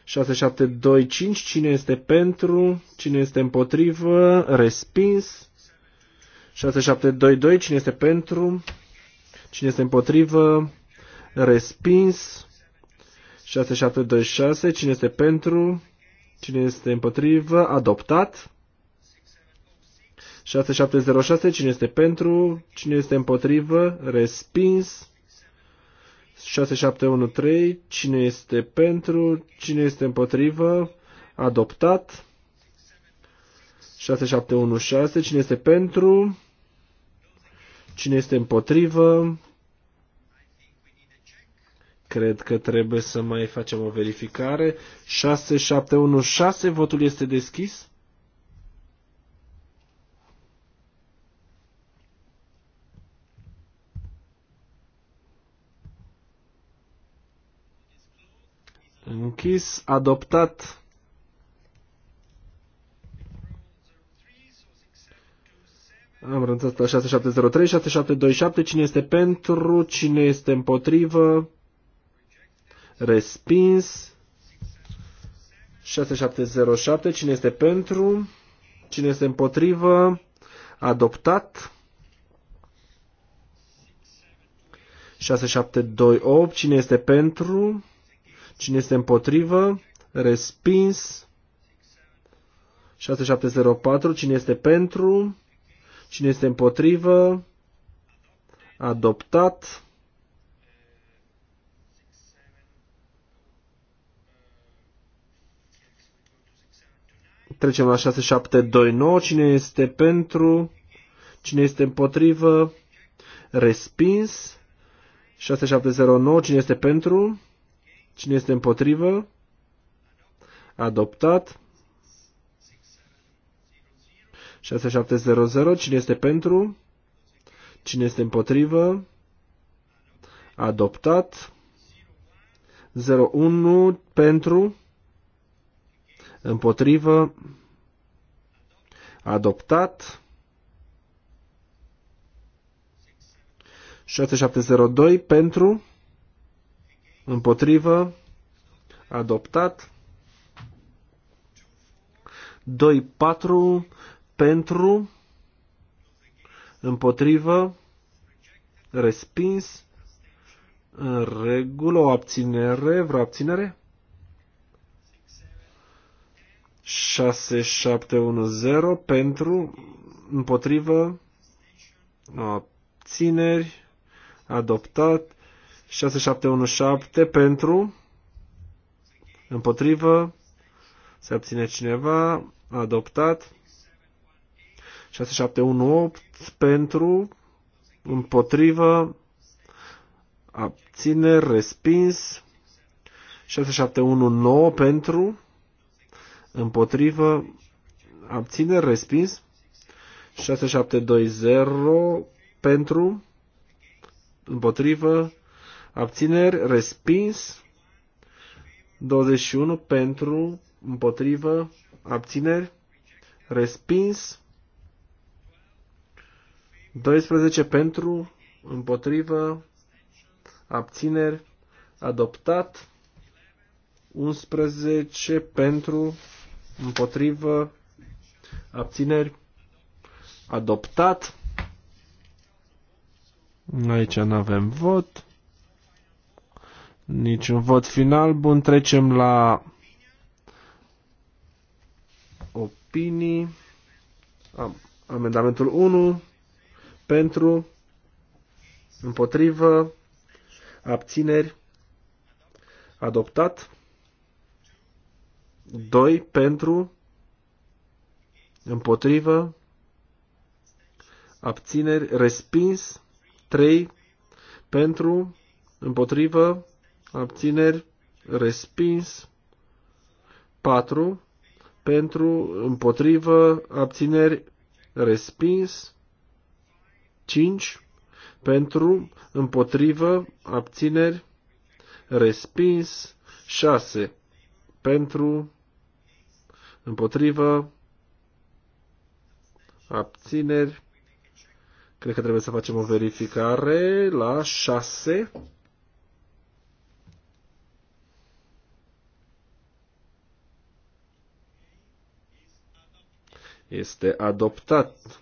A: 6725, cine este pentru, cine este împotrivă, respins. 6722, cine este pentru, cine este împotrivă, respins. 6726, cine este pentru, cine este împotrivă, adoptat. 6706, cine este pentru, cine este împotrivă, respins. 6713, cine este pentru, cine este împotrivă, adoptat. 6716, cine este pentru, cine este împotrivă. Cred că trebuie să mai facem o verificare. 6716, votul este deschis. închis, adoptat. Am rânțat la 6703, 6727, cine este pentru, cine este împotrivă, respins. 6707, cine este pentru, cine este împotrivă, adoptat. 6728, cine este pentru, Cine este împotrivă? Respins. 6704. Cine este pentru? Cine este împotrivă? Adoptat. 6, Trecem la 6729. Cine este pentru? Cine este împotrivă? Respins. 6709. Cine este pentru? Cine este împotrivă? Adoptat. 6700. Cine este pentru? Cine este împotrivă? Adoptat. 01 pentru. Împotrivă. Adoptat. 6702 pentru împotrivă, adoptat. 2, 4, pentru, împotrivă, respins, în regulă, o abținere, vreo abținere? 6-7-1-0 pentru, împotrivă, abțineri, adoptat, 6717 pentru, împotrivă, se abține cineva, adoptat. 6718 pentru, împotrivă, abține, respins. 6719 pentru, împotrivă, abține, respins. 6720 pentru, împotrivă, abțineri, respins. 21 pentru, împotrivă, abțineri, respins. 12 pentru, împotrivă, abțineri, adoptat. 11 pentru, împotrivă, abțineri, adoptat. Aici nu avem vot. Niciun vot final. Bun, trecem la opinii. Am, amendamentul 1 pentru împotrivă abțineri adoptat 2 pentru împotrivă abțineri respins 3 pentru împotrivă abțineri, respins. 4 pentru, împotrivă, abțineri, respins. 5 pentru, împotrivă, abțineri, respins. 6 pentru, împotrivă, abțineri. Cred că trebuie să facem o verificare la 6. este adoptat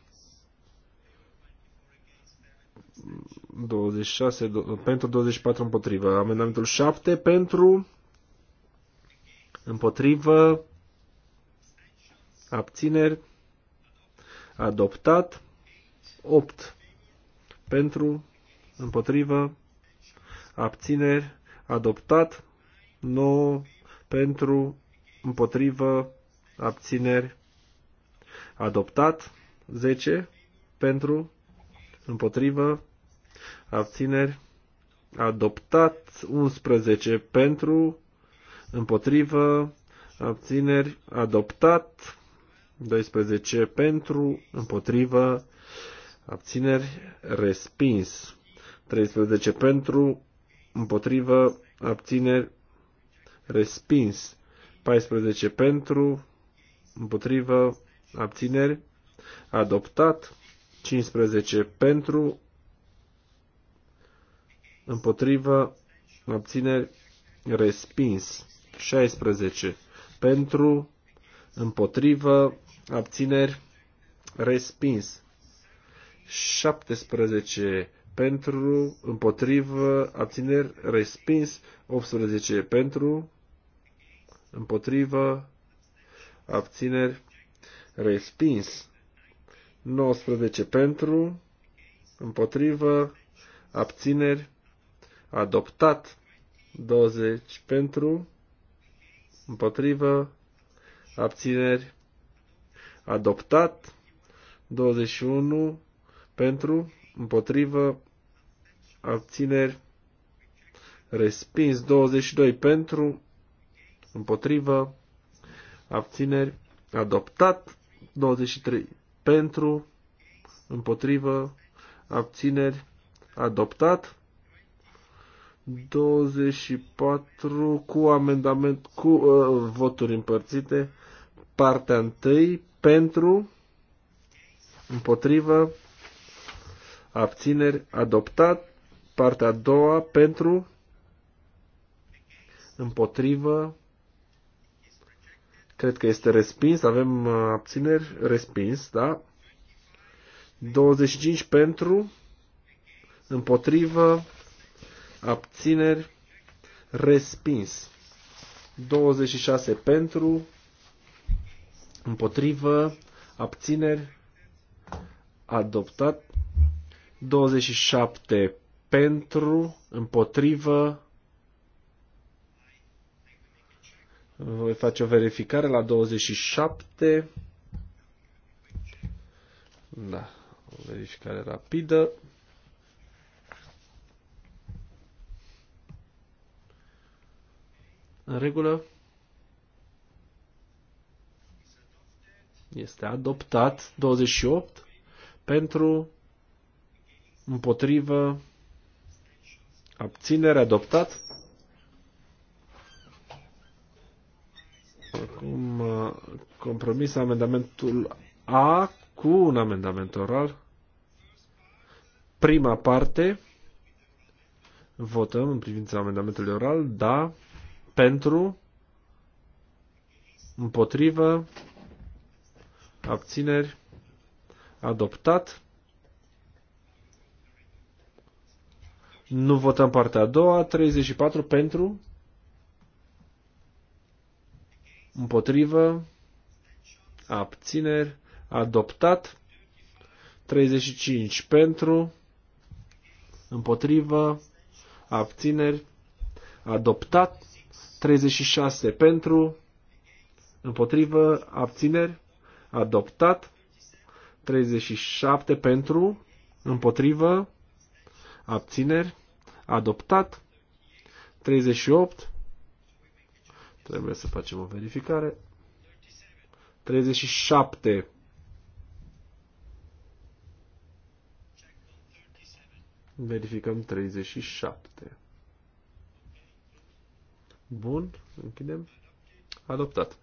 A: 26 pentru 24 împotriva. Amendamentul 7 pentru împotrivă abțineri adoptat 8 pentru împotrivă abțineri adoptat 9 pentru împotrivă abțineri adoptat, 10 pentru, împotrivă, abțineri, adoptat, 11 pentru, împotrivă, abțineri, adoptat, 12 pentru, împotrivă, abțineri, respins, 13 pentru, împotrivă, abțineri, respins, 14 pentru, împotrivă, abțineri, adoptat, 15 pentru, împotrivă, abțineri, respins, 16 pentru, împotrivă, abțineri, respins, 17 pentru, împotrivă, abțineri, respins, 18 pentru, împotrivă, abțineri, respins. 19 pentru, împotrivă, abțineri, adoptat. 20 pentru, împotrivă, abțineri, adoptat. 21 pentru, împotrivă, abțineri, respins. 22 pentru, împotrivă, abțineri, adoptat. 23. Pentru, împotrivă, abțineri, adoptat. 24 cu amendament, cu uh, voturi împărțite. Partea 1 pentru, împotrivă, abțineri, adoptat. Partea a doua pentru, împotrivă, Cred că este respins. Avem uh, abțineri? Respins, da? 25 pentru, împotrivă, abțineri, respins. 26 pentru, împotrivă, abțineri, adoptat. 27 pentru, împotrivă, Voi face o verificare la 27. Da, o verificare rapidă. În regulă. Este adoptat 28 pentru împotrivă abținere adoptat Acum, compromis amendamentul A cu un amendament oral. Prima parte. Votăm în privința amendamentului oral. Da. Pentru. Împotrivă. Abțineri. Adoptat. Nu votăm partea a doua. 34 pentru împotrivă, abțineri, adoptat, 35 pentru, împotrivă, abțineri, adoptat, 36 pentru, împotrivă, abțineri, adoptat, 37 pentru, împotrivă, abțineri, adoptat, 38 Trebuie să facem o verificare. 37. Verificăm 37. Bun, închidem. Adoptat.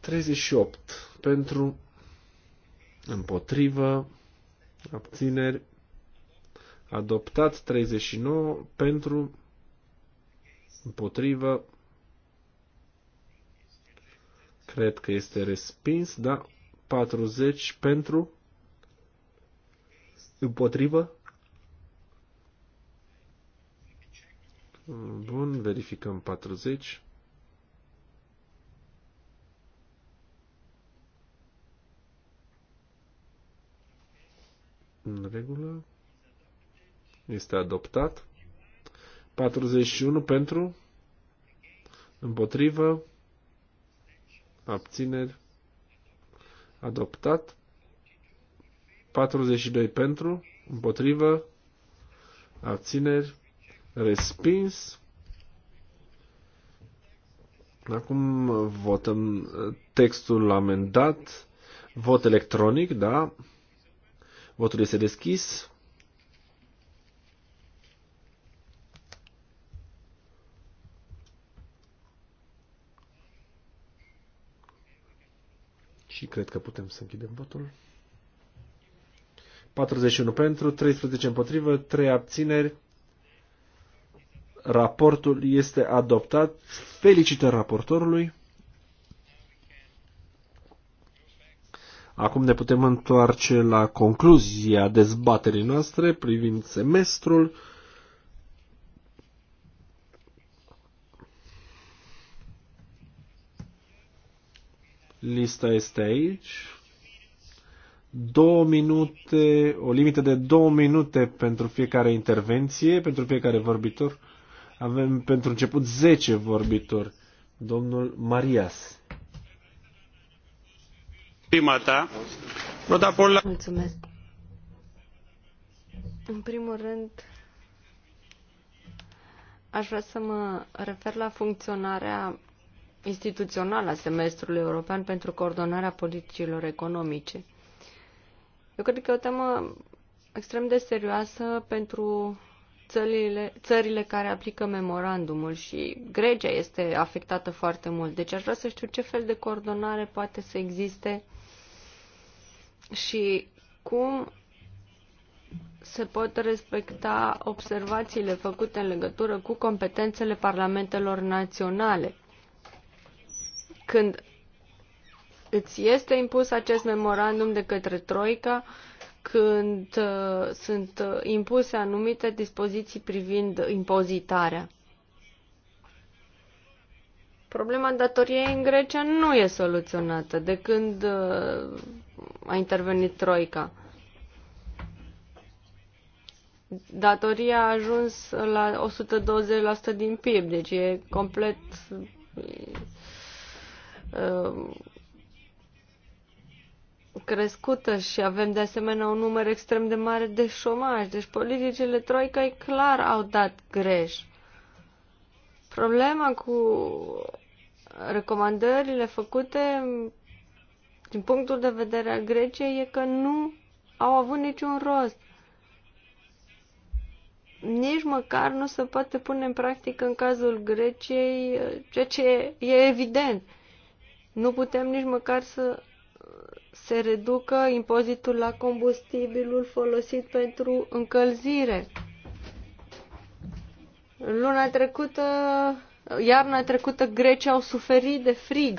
A: 38. Pentru, împotrivă, abțineri. Adoptat 39 pentru împotrivă, cred că este respins, da, 40 pentru, împotrivă, Bun, verificăm 40. În regulă. Este adoptat. 41 pentru, împotrivă, abțineri, adoptat. 42 pentru, împotrivă, abțineri, respins. Acum votăm textul amendat. Vot electronic, da. Votul este deschis. Și cred că putem să închidem votul. 41 pentru, 13 împotrivă, 3 abțineri. Raportul este adoptat. Felicitări raportorului. Acum ne putem întoarce la concluzia dezbaterii noastre privind semestrul. Lista este aici. Două minute, o limită de două minute pentru fiecare intervenție, pentru fiecare vorbitor. Avem pentru început 10 vorbitori. Domnul Marias. Da
B: Mulțumesc. În primul rând, aș vrea să mă refer la funcționarea instituțională a semestrului european pentru coordonarea politicilor economice. Eu cred că e o temă extrem de serioasă pentru țările, țările care aplică memorandumul și Grecia este afectată foarte mult. Deci aș vrea să știu ce fel de coordonare poate să existe și cum se pot respecta observațiile făcute în legătură cu competențele parlamentelor naționale – când îți este impus acest memorandum de către Troica, când uh, sunt uh, impuse anumite dispoziții privind impozitarea. Problema datoriei în Grecia nu e soluționată de când uh, a intervenit Troica. Datoria a ajuns la 120% din PIB, deci e complet Uh, crescută și avem de asemenea un număr extrem de mare de șomaj. Deci politicile troicăi clar au dat greș. Problema cu recomandările făcute din punctul de vedere al Greciei e că nu au avut niciun rost. Nici măcar nu se poate pune în practică în cazul Greciei uh, ceea ce e evident. Uh, nu putem nici măcar să se reducă impozitul la combustibilul folosit pentru încălzire. Luna trecută, iarna trecută, Grecia au suferit de frig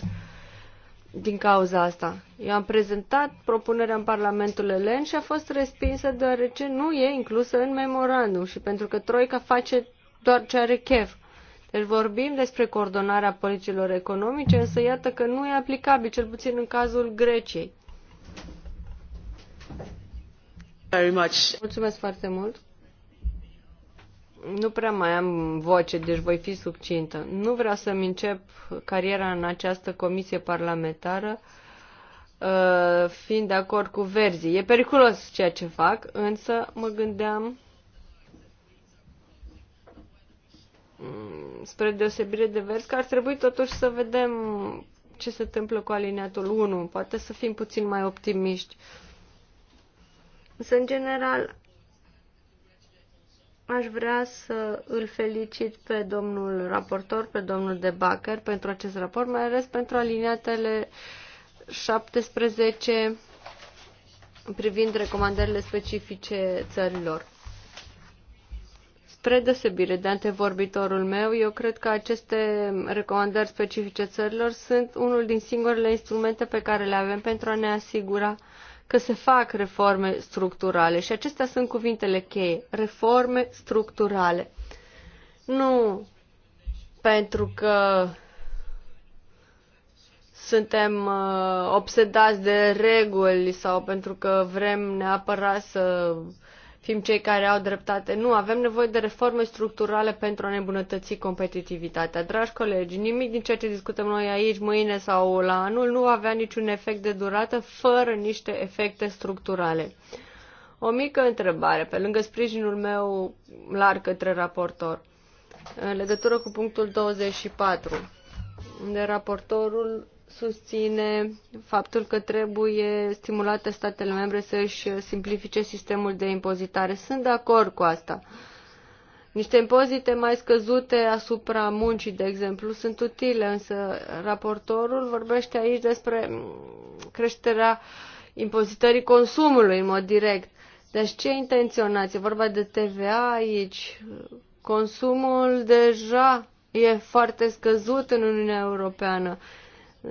B: din cauza asta. Eu am prezentat propunerea în Parlamentul Elen și a fost respinsă deoarece nu e inclusă în memorandum și pentru că Troica face doar ce are chef. Deci vorbim despre coordonarea politicilor economice, însă iată că nu e aplicabil, cel puțin în cazul Greciei. Very much. Mulțumesc foarte mult. Nu prea mai am voce, deci voi fi subțintă. Nu vreau să-mi încep cariera în această comisie parlamentară uh, fiind de acord cu verzii. E periculos ceea ce fac, însă mă gândeam Mm, spre deosebire de vers, că ar trebui totuși să vedem ce se întâmplă cu alineatul 1. Poate să fim puțin mai optimiști. Însă, în general, aș vrea să îl felicit pe domnul raportor, pe domnul De Bacher, pentru acest raport, mai ales pentru aliniatele 17 privind recomandările specifice țărilor. Spre deosebire de antevorbitorul meu, eu cred că aceste recomandări specifice țărilor sunt unul din singurele instrumente pe care le avem pentru a ne asigura că se fac reforme structurale. Și acestea sunt cuvintele cheie. Reforme structurale. Nu pentru că suntem uh, obsedați de reguli sau pentru că vrem neapărat să fim cei care au dreptate. Nu, avem nevoie de reforme structurale pentru a ne îmbunătăți competitivitatea. Dragi colegi, nimic din ceea ce discutăm noi aici, mâine sau la anul, nu avea niciun efect de durată fără niște efecte structurale. O mică întrebare, pe lângă sprijinul meu larg către raportor, în legătură cu punctul 24, unde raportorul susține faptul că trebuie stimulate statele membre să își simplifice sistemul de impozitare. Sunt de acord cu asta. Niște impozite mai scăzute asupra muncii, de exemplu, sunt utile, însă raportorul vorbește aici despre creșterea impozitării consumului în mod direct. Deci ce intenționați? E vorba de TVA aici. Consumul deja e foarte scăzut în Uniunea Europeană.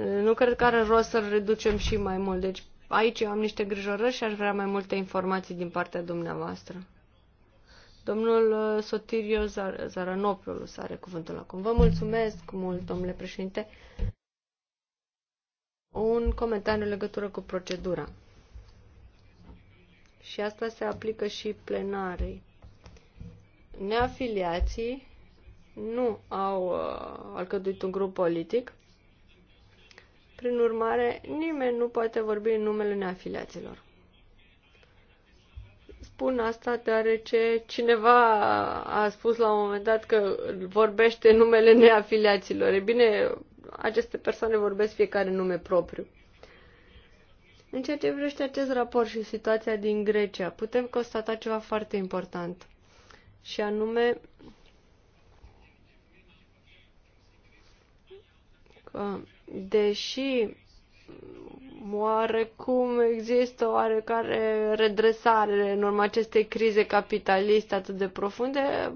B: Nu cred că are rost să-l reducem și mai mult. Deci aici eu am niște grijorări și aș vrea mai multe informații din partea dumneavoastră. Domnul uh, Sotirio Zar- Zaranopoulos are cuvântul acum. Vă mulțumesc mult, domnule președinte. Un comentariu în legătură cu procedura. Și asta se aplică și plenarei. Neafiliații nu au uh, alcătuit un grup politic, prin urmare, nimeni nu poate vorbi în numele neafiliaților. Spun asta deoarece cineva a spus la un moment dat că vorbește numele neafiliaților. E bine, aceste persoane vorbesc fiecare nume propriu. În ceea ce privește acest raport și situația din Grecia, putem constata ceva foarte important. Și anume că deși oarecum există oarecare redresare în urma acestei crize capitaliste atât de profunde,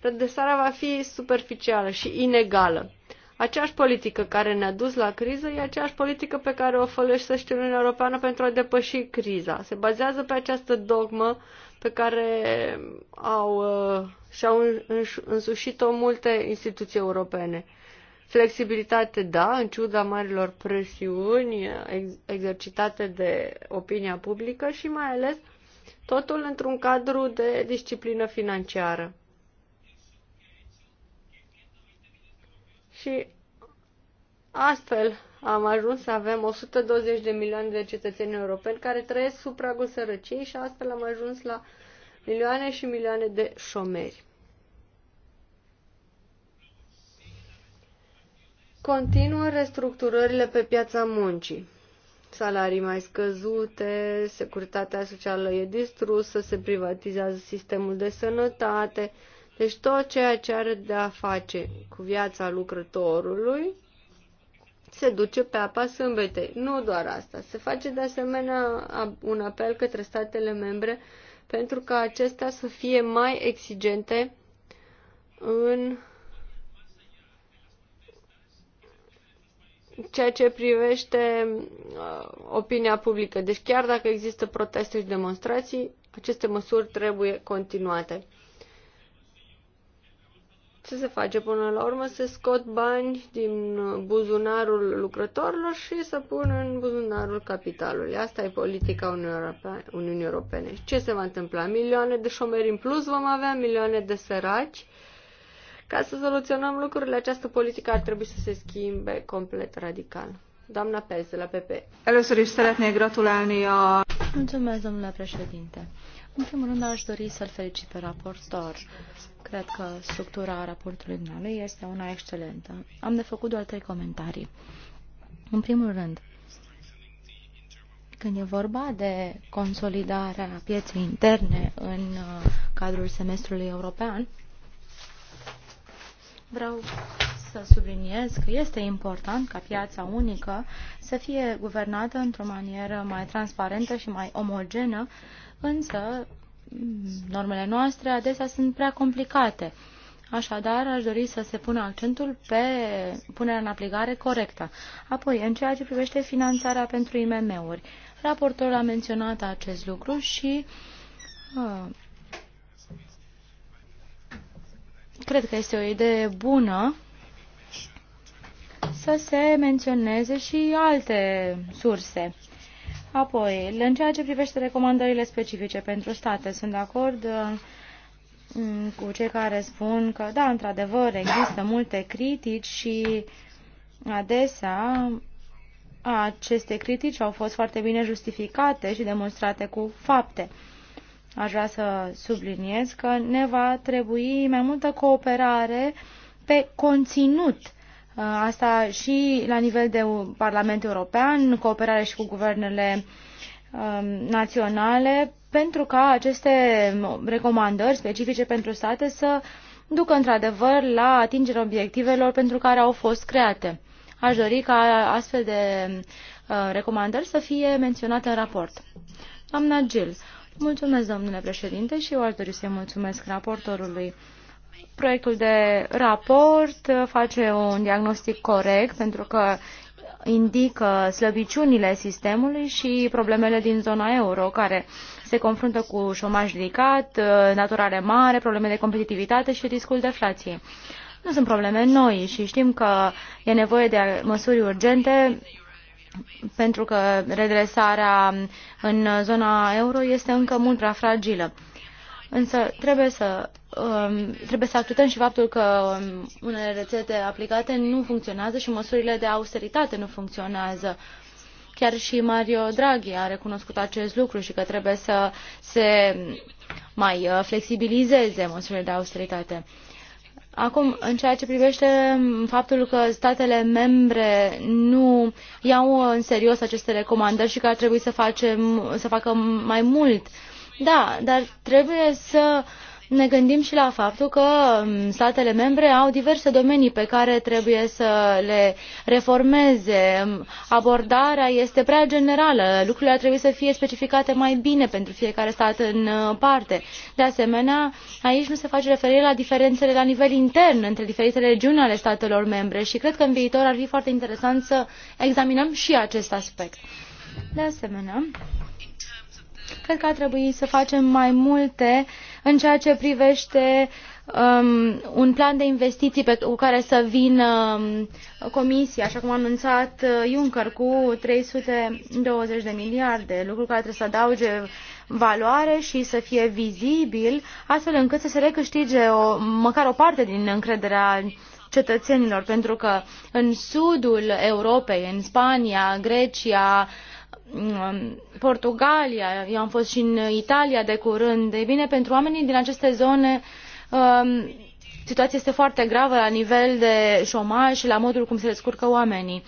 B: redresarea va fi superficială și inegală. Aceeași politică care ne-a dus la criză e aceeași politică pe care o folosește Uniunea Europeană pentru a depăși criza. Se bazează pe această dogmă pe care au, uh, și-au însușit-o multe instituții europene. Flexibilitate, da, în ciuda marilor presiuni ex- exercitate de opinia publică și mai ales totul într-un cadru de disciplină financiară. Și astfel am ajuns să avem 120 de milioane de cetățeni europeni care trăiesc sub pragul sărăciei și astfel am ajuns la milioane și milioane de șomeri. Continuă restructurările pe piața muncii. Salarii mai scăzute, securitatea socială e distrusă, se privatizează sistemul de sănătate, deci tot ceea ce are de a face cu viața lucrătorului se duce pe apa sâmbetei. Nu doar asta, se face de asemenea un apel către statele membre pentru ca acestea să fie mai exigente în ceea ce privește uh, opinia publică. Deci chiar dacă există proteste și demonstrații, aceste măsuri trebuie continuate. Ce se face până la urmă? Se scot bani din buzunarul lucrătorilor și se pun în buzunarul capitalului. Asta e politica Uniunii Europene. Ce se va întâmpla? Milioane de șomeri în plus vom avea, milioane de săraci ca să soluționăm lucrurile, această politică ar trebui să se schimbe complet radical. Doamna Pez, la PP.
C: Először is szeretnék gratulálni a... Mulțumesc, domnule președinte. În primul rând, aș dori să-l felicit pe raportor. Cred că structura raportului dumneavoastră este una excelentă. Am de făcut doar trei comentarii. În primul rând, când e vorba de consolidarea pieței interne în uh, cadrul semestrului european, Vreau să subliniez că este important ca piața unică să fie guvernată într-o manieră mai transparentă și mai omogenă, însă mm, normele noastre adesea sunt prea complicate. Așadar, aș dori să se pună accentul pe punerea în aplicare corectă. Apoi, în ceea ce privește finanțarea pentru IMM-uri, raportorul a menționat acest lucru și uh, cred că este o idee bună să se menționeze și alte surse. Apoi, în ceea ce privește recomandările specifice pentru state, sunt de acord mm, cu cei care spun că, da, într-adevăr, există multe critici și adesea aceste critici au fost foarte bine justificate și demonstrate cu fapte aș vrea să subliniez că ne va trebui mai multă cooperare pe conținut. Uh, asta și la nivel de Parlament European, cooperare și cu guvernele um, naționale, pentru ca aceste recomandări specifice pentru state să ducă într-adevăr la atingerea obiectivelor pentru care au fost create. Aș dori ca astfel de uh, recomandări să fie menționate în raport. Doamna Gilles, Mulțumesc, domnule președinte, și eu aș dori să-i mulțumesc raportorului. Proiectul de raport face un diagnostic corect pentru că indică slăbiciunile sistemului și problemele din zona euro, care se confruntă cu șomaj ridicat, naturare mare, probleme de competitivitate și riscul deflației. Nu sunt probleme noi și știm că e nevoie de măsuri urgente pentru că redresarea în zona euro este încă mult prea fragilă. Însă trebuie să, um, trebuie să acceptăm și faptul că um, unele rețete aplicate nu funcționează și măsurile de austeritate nu funcționează. Chiar și Mario Draghi a recunoscut acest lucru și că trebuie să se mai uh, flexibilizeze măsurile de austeritate. Acum, în ceea ce privește faptul că statele membre nu iau în serios aceste recomandări și că ar trebui să, facem, să facă mai mult, da, dar trebuie să uh, ne gândim și la faptul că mm, statele membre au diverse domenii pe care trebuie să le reformeze. Mm, abordarea este prea generală, lucrurile ar trebui să fie specificate mai bine pentru fiecare stat în uh, parte. De asemenea, aici nu se face referire la diferențele la nivel intern între diferitele regiuni ale statelor membre și cred că în viitor ar fi foarte interesant să examinăm și acest aspect. De asemenea, Cred că ar trebui să facem mai multe în ceea ce privește um, un plan de investiții pe care să vină um, Comisia, așa cum a anunțat uh, Juncker, cu 320 de miliarde, lucru care trebuie să adauge valoare și să fie vizibil, astfel încât să se recâștige o, măcar o parte din încrederea cetățenilor, pentru că în sudul Europei, în Spania, Grecia, Mm, Portugalia, eu am fost și în Italia de curând. Ei bine, pentru oamenii din aceste zone um, situația este foarte gravă la nivel de șomaj și la modul cum se descurcă oamenii.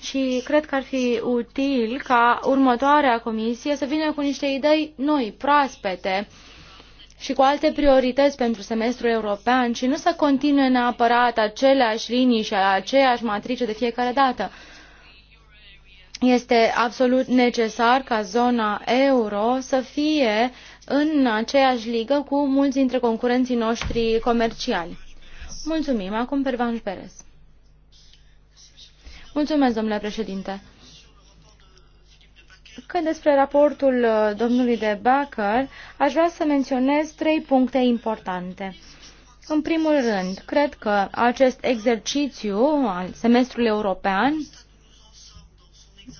C: Și cred că ar fi util ca următoarea comisie să vină cu niște idei noi, proaspete și cu alte priorități pentru semestrul european și nu să continue neapărat aceleași linii și aceeași matrice de fiecare dată este absolut necesar ca zona euro să fie în aceeași ligă cu mulți dintre concurenții noștri comerciali. Mulțumim. Acum Pervanș Perez. Mulțumesc, domnule președinte. Când despre raportul uh, domnului de Bacher, aș vrea să menționez trei puncte importante. În primul rând, cred că acest exercițiu al semestrului european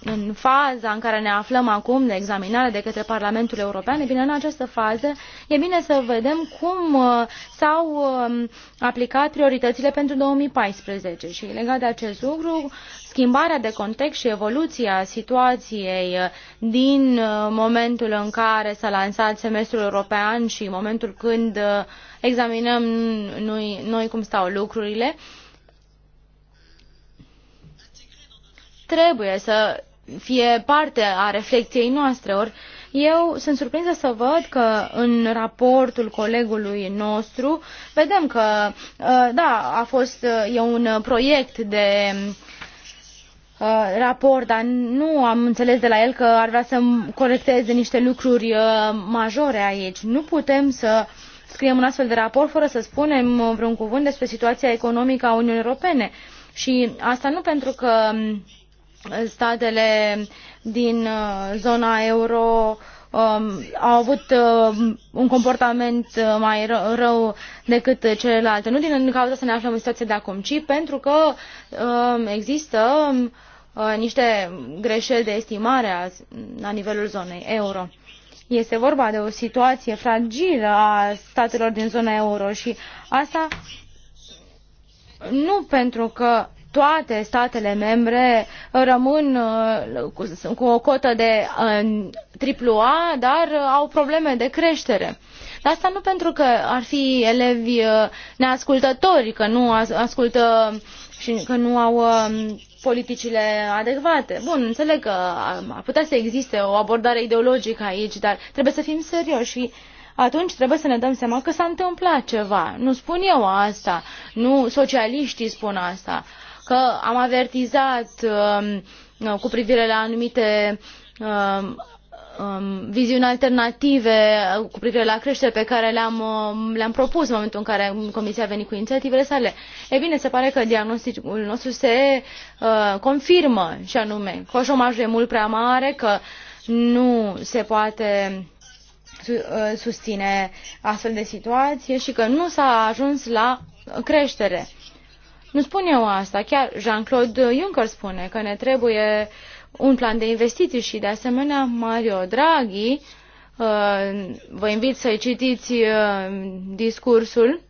C: în faza în care ne aflăm acum de examinare de către Parlamentul European, e bine, în această fază e bine să vedem cum uh, s-au um, aplicat prioritățile pentru 2014 și legat de acest lucru, schimbarea de context și evoluția situației uh, din uh, momentul în care s-a lansat semestrul european și momentul când examinăm noi, noi cum stau lucrurile, uh, trebuie să fie parte a reflexiei noastre. Ori eu sunt surprinsă să văd că în raportul colegului nostru vedem că, uh, da, a fost uh, e un proiect de uh, raport, dar nu am înțeles de la el că ar vrea să corecteze niște lucruri majore aici. Nu putem să scriem un astfel de raport fără să spunem vreun cuvânt despre situația economică a Uniunii Europene. Și asta nu pentru că um, statele din uh, zona euro um, au avut uh, un comportament uh, mai rău, decât celelalte. Nu din cauza să ne aflăm în situația de acum, ci pentru că um, există um, niște greșeli de estimare la nivelul zonei euro. Este vorba de o situație fragilă a statelor din zona euro și asta nu pentru că toate statele membre rămân uh, cu o cotă de triplu A, dar uh, au probleme de creștere. Dar asta nu pentru că ar fi elevi uh, neascultători, că nu ascultă și că nu au um, politicile adecvate. Bun, înțeleg că ar putea să existe o abordare ideologică aici, dar trebuie să fim serioși și atunci trebuie să ne dăm seama că s-a întâmplat ceva. Nu spun eu asta, nu socialiștii spun asta că am avertizat um, cu privire la anumite um, um, viziuni alternative cu privire la creștere pe care le-am le -am propus în momentul în care Comisia a venit cu inițiativele sale. E bine, se pare că diagnosticul nostru se uh, confirmă și anume că șomajul e mult prea mare, că nu se poate uh, susține astfel de situație și că nu s-a ajuns la creștere nu spun eu asta, chiar Jean-Claude Juncker spune că ne trebuie un plan de investiții și de asemenea Mario Draghi, uh, vă invit să-i citiți uh, discursul,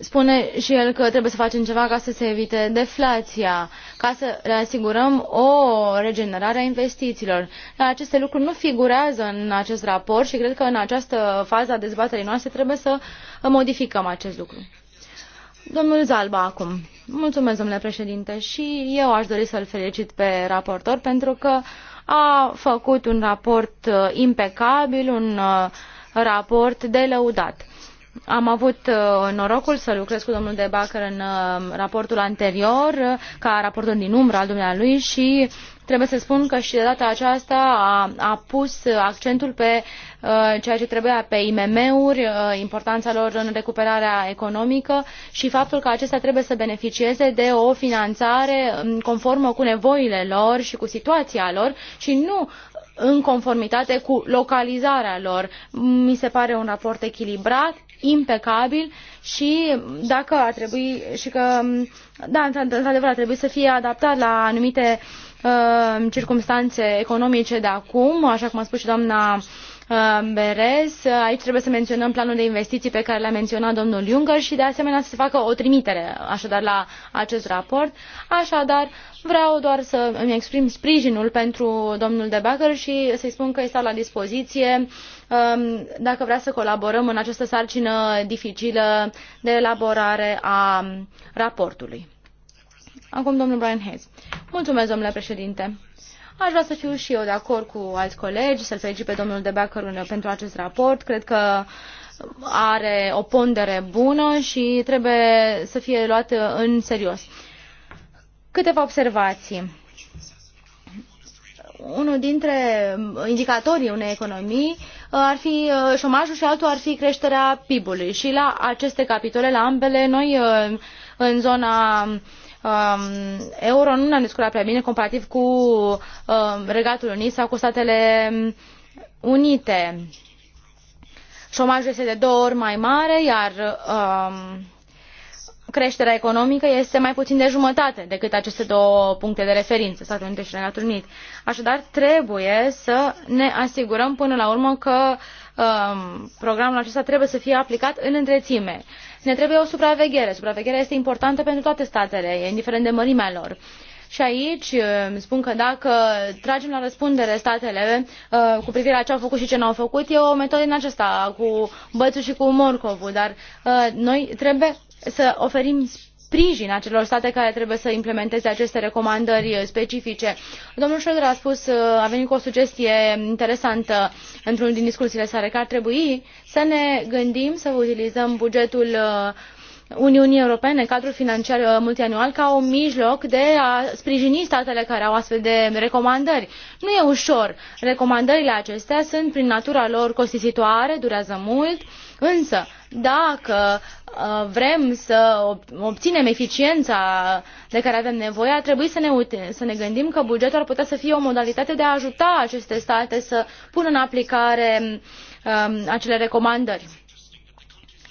C: spune și el că trebuie să facem ceva ca să se evite deflația ca să le asigurăm o regenerare a investițiilor. aceste lucruri nu figurează în acest raport și cred că în această fază a dezbaterii noastre trebuie să modificăm acest lucru. Domnul Zalba acum. Mulțumesc, domnule președinte, și eu aș dori să-l felicit pe raportor pentru că a făcut un raport uh, impecabil, un uh, raport de lăudat am avut uh, norocul să lucrez cu domnul De Bacăr în uh, raportul anterior, uh, ca raportor din umbră al dumnealui și trebuie să spun că și de data aceasta a, a pus accentul pe uh, ceea ce trebuia pe IMM-uri, uh, importanța lor în recuperarea economică și faptul că acestea trebuie să beneficieze de o finanțare um, conformă cu nevoile lor și cu situația lor și nu în conformitate cu localizarea lor. Mi se pare un raport echilibrat impecabil și dacă ar trebui și că, da, într-adevăr, ar trebui să fie adaptat la anumite uh, circunstanțe economice de acum, așa cum a spus și doamna Uh, Berez, uh, Aici trebuie să menționăm planul de investiții pe care l-a menționat domnul Juncker și de asemenea să se facă o trimitere așadar la acest raport. Așadar, vreau doar să îmi exprim sprijinul pentru domnul De backer și să-i spun că este la dispoziție um, dacă vrea să colaborăm în această sarcină dificilă de elaborare a raportului. Acum domnul Brian Hayes. Mulțumesc, domnule președinte Aș vrea să fiu și eu de acord cu alți colegi, să-l felicit pe domnul de Bacăr pentru acest raport. Cred că are o pondere bună și trebuie să fie luat în serios. Câteva observații. Unul dintre indicatorii unei economii uh, ar fi uh, șomajul și altul ar fi creșterea PIB-ului. Și la aceste capitole, la ambele, noi uh, în zona Um, euro nu ne-am descurcat prea bine comparativ cu um, Regatul Unit sau cu Statele Unite. Șomajul este de două ori mai mare, iar um, creșterea economică este mai puțin de jumătate decât aceste două puncte de referință, Statele Unite și Regatul Unit. Așadar, trebuie să ne asigurăm până la urmă că programul acesta trebuie să fie aplicat în întreținere. Ne trebuie o supraveghere. Supravegherea este importantă pentru toate statele, indiferent de mărimea lor. Și aici spun că dacă tragem la răspundere statele uh, cu privire la ce au făcut și ce nu au făcut, e o metodă din aceasta, cu bățul și cu morcovul, dar uh, noi trebuie să oferim sprijin acelor state care trebuie să implementeze aceste recomandări specifice. Domnul Schroeder a spus, uh, a venit cu o sugestie interesantă într-unul din discursurile sale, că ar trebui să ne gândim să utilizăm bugetul uh, Uniunii Europene, cadrul financiar uh, multianual, ca un mijloc de a sprijini statele care au astfel de recomandări. Nu e ușor. Recomandările acestea sunt, prin natura lor, costisitoare, durează mult, însă dacă uh, vrem să obținem eficiența de care avem nevoie, ar trebui să ne, să ne gândim că bugetul ar putea să fie o modalitate de a ajuta aceste state să pună în aplicare um, acele recomandări.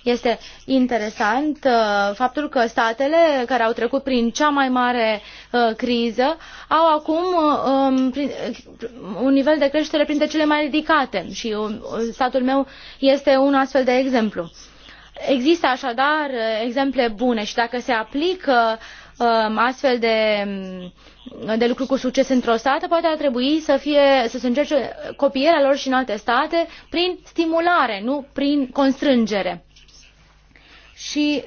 C: Este interesant uh, faptul că statele care au trecut prin cea mai mare uh, criză au acum uh, um, un nivel de creștere printre cele mai ridicate și statul meu este un astfel de exemplu. Există așadar exemple bune și dacă se aplică um, astfel de, de lucruri cu succes într-o stată, poate ar trebui să, fie, să se încerce copierea lor și în alte state prin stimulare, nu prin constrângere. Și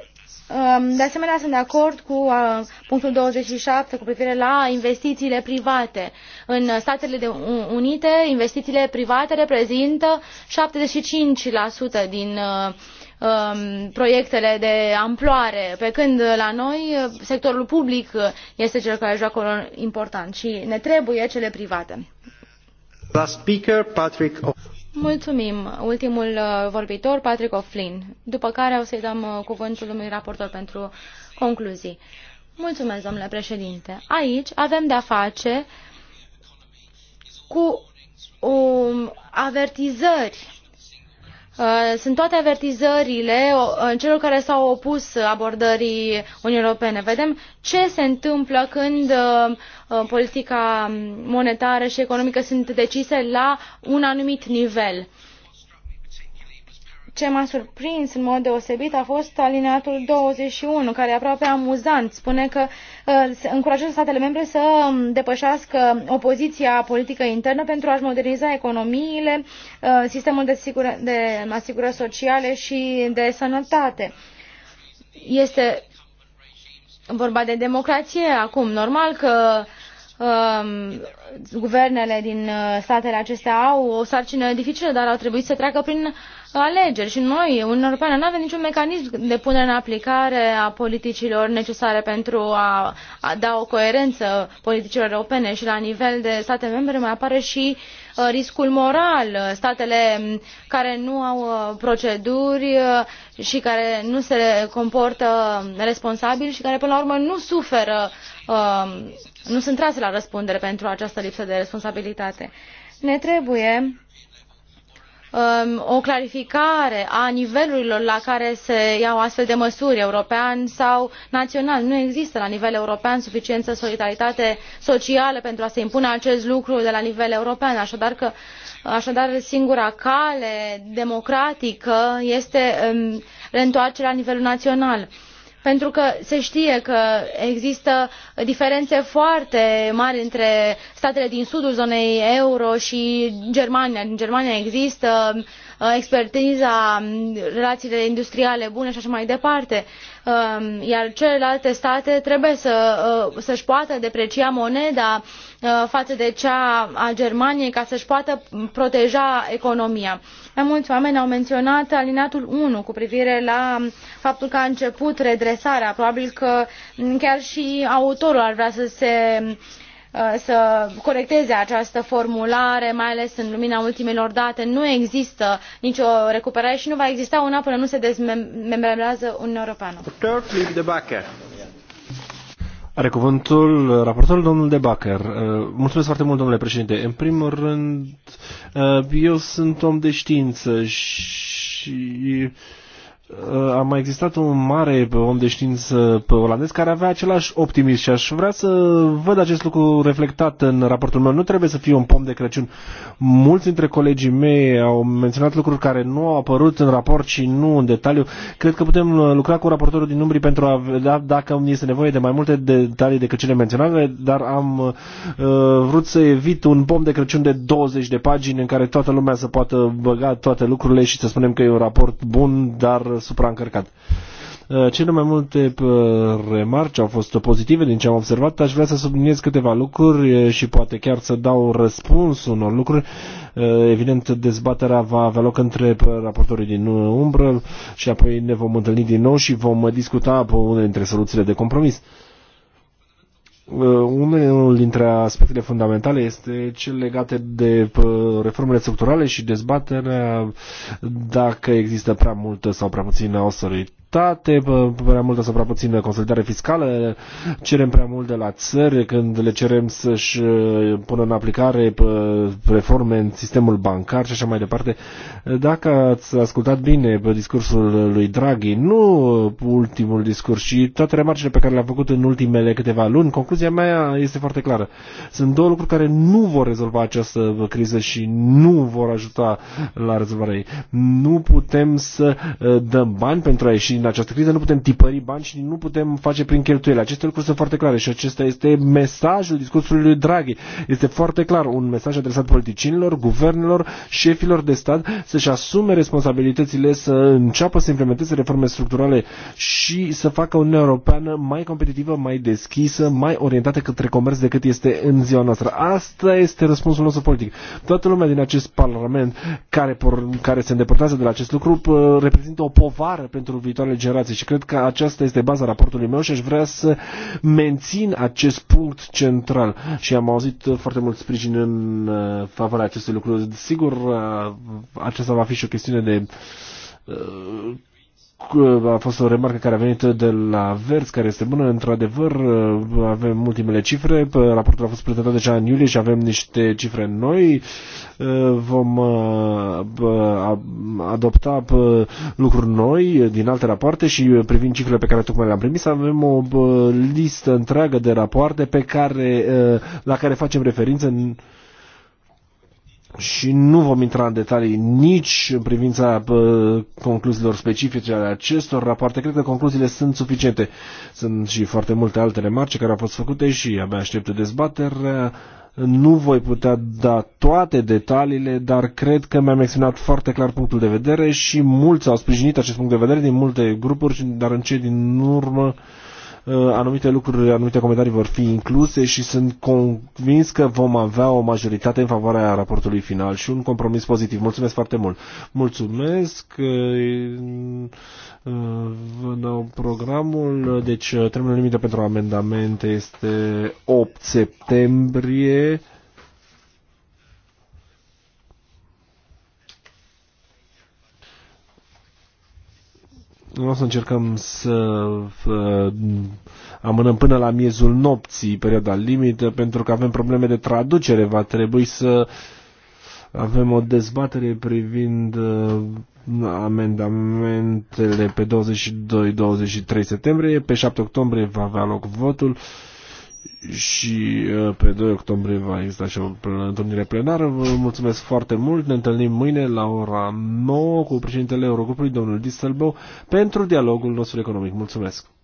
C: um, de asemenea, sunt de acord cu uh, punctul 27 cu privire la investițiile private. În Statele Unite, investițiile private reprezintă 75% din uh, um, proiectele de amploare, pe când la noi uh, sectorul public este cel care joacă un rol important și ne trebuie cele private.
A: Last speaker, Patrick
C: Mulțumim. Ultimul uh, vorbitor, Patrick O'Flynn, după care o să-i dăm uh, cuvântul lui raportor pentru concluzii. Mulțumesc, domnule președinte. Aici avem de-a face cu um, avertizări Uh, sunt toate avertizările uh, celor care s-au opus abordării Uniunii Europene. Vedem ce se întâmplă când uh, politica monetară și economică sunt decise la un anumit nivel. Ce m-a surprins în mod deosebit a fost alineatul 21, care e aproape amuzant. Spune că uh, încurajează statele membre să um, depășească opoziția politică internă pentru a-și moderniza economiile, uh, sistemul de, sigură, de asigurări sociale și de sănătate. Este vorba de democrație acum. Normal că uh, guvernele din uh, statele acestea au o sarcină dificilă, dar au trebuit să treacă prin uh, alegeri și noi, Uniunea Europeană, nu avem niciun mecanism de punere în aplicare a politicilor necesare pentru a, a da o coerență politicilor europene și la nivel de state membre mai apare și uh, riscul moral. Statele care nu au uh, proceduri uh, și care nu se comportă responsabil și care până la urmă nu suferă, nu sunt trase la răspundere pentru această lipsă de responsabilitate. Ne trebuie Um, o clarificare a nivelurilor la care se iau astfel de măsuri european sau național. nu există la nivel european suficientă solidaritate socială pentru a se impune acest lucru de la nivel european așadar, că, așadar singura cale democratică este um, reîntoarcerea la nivelul național pentru că se știe că există diferențe foarte mari între statele din sudul zonei euro și germania în germania există uh, Uh, expertiza, mm, relațiile industriale bune și așa mai departe. Um, iar celelalte state trebuie să, își uh, poată deprecia moneda uh, față de cea a Germaniei ca să-și poată proteja economia. Mai mulți oameni au menționat alineatul 1 cu privire la faptul că a început redresarea. Probabil că chiar și autorul ar vrea să se Uh, să corecteze această formulare, mai ales în lumina ultimelor date. Nu există nicio recuperare și nu va exista una până nu se dezmembrelează Uniunea Europeană.
A: Are cuvântul raportorul domnul De Bacher. Uh, mulțumesc foarte mult, domnule președinte. În primul rând, uh, eu sunt om de știință și Uh, a mai existat un mare om de știință olandez care avea același optimism și aș vrea să văd acest lucru reflectat în raportul meu. Nu trebuie să fie un pom de Crăciun. Mulți dintre colegii mei au menționat lucruri care nu au apărut în raport și nu în detaliu. Cred că putem uh, lucra cu raportorul din umbrii pentru a vedea dacă este nevoie de mai multe detalii decât cele menționate, dar am uh, vrut să evit un pom de Crăciun de 20 de pagini în care toată lumea să poată băga toate lucrurile și să spunem că e un raport bun, dar supraîncărcat. Uh, cele mai multe uh, remarci au fost pozitive din ce am observat. Aș vrea să subliniez câteva lucruri uh, și poate chiar să dau răspuns unor lucruri. Evident, dezbaterea va avea loc între raportorii din umbră și apoi ne vom întâlni din nou și vom discuta unele dintre soluțiile de compromis. Uh, unul dintre aspectele fundamentale este cel legate de uh, reformele structurale și dezbaterea dacă există prea multă sau prea puțină austerity austeritate, prea sau prea puțină consolidare fiscală, cerem prea mult de la țări când le cerem să-și uh, pună în aplicare uh, reforme în sistemul bancar și așa mai departe. Dacă ați ascultat bine uh, discursul lui Draghi, nu ultimul discurs, și toate remarcile pe care le a făcut în ultimele câteva luni, concluzia mea este foarte clară. Sunt două lucruri care nu vor rezolva această criză și nu vor ajuta la rezolvarea ei. Nu putem să dăm bani pentru a ieși din această criză, nu putem tipări bani și nu putem face prin cheltuieli. Aceste lucruri sunt foarte clare și acesta este mesajul discursului lui Draghi. Este foarte clar un mesaj adresat politicienilor, guvernelor, șefilor de stat să-și asume responsabilitățile, să înceapă să implementeze reforme structurale și să facă Uniunea Europeană mai competitivă, mai deschisă, mai orientată către comerț decât este în ziua noastră. Asta este răspunsul nostru politic. Toată lumea din acest parlament care, por, care se îndepărtează de la acest lucru reprezintă o povară pentru viitoare următoarele generații și cred că aceasta este baza raportului meu și aș vrea să mențin acest punct central și am auzit foarte mult sprijin în uh, favoarea acestui lucru. Sigur, uh, aceasta va fi și o chestiune de uh, a fost o remarcă care a venit de la Verzi, care este bună. Într-adevăr, uh, avem ultimele cifre. Raportul a fost prezentat deja în iulie și avem niște cifre noi. Uh, vom uh, adopta lucruri noi din alte rapoarte și privind cifrele pe care tocmai le-am primit, avem o listă întreagă de rapoarte pe care, la care facem referință în și nu vom intra în detalii nici în privința uh, concluziilor specifice ale acestor rapoarte. Cred că concluziile sunt suficiente. Sunt și foarte multe alte remarce care au fost făcute și abia aștept dezbatere. Nu voi putea da toate detaliile, dar cred că mi-am exprimat foarte clar punctul de vedere și mulți au sprijinit acest punct de vedere din multe grupuri, dar în cei din urmă uh, Uh, anumite lucruri, anumite comentarii vor fi incluse și sunt convins că vom avea o majoritate în favoarea raportului final și un compromis pozitiv. Mulțumesc foarte mult! Mulțumesc! Uh, uh, vă dau programul, deci termenul limită pentru amendamente este 8 septembrie o să încercăm să amânăm până la miezul nopții perioada limită, pentru că avem probleme de traducere. Va trebui să avem o dezbatere privind uh, amendamentele pe 22-23 septembrie. Pe 7 octombrie va avea loc votul și uh, pe 2 octombrie va exista și o întâlnire plenară. Vă mulțumesc foarte mult. Ne întâlnim mâine la ora 9 cu președintele Eurogrupului, domnul Disselbow, pentru dialogul nostru economic. Mulțumesc!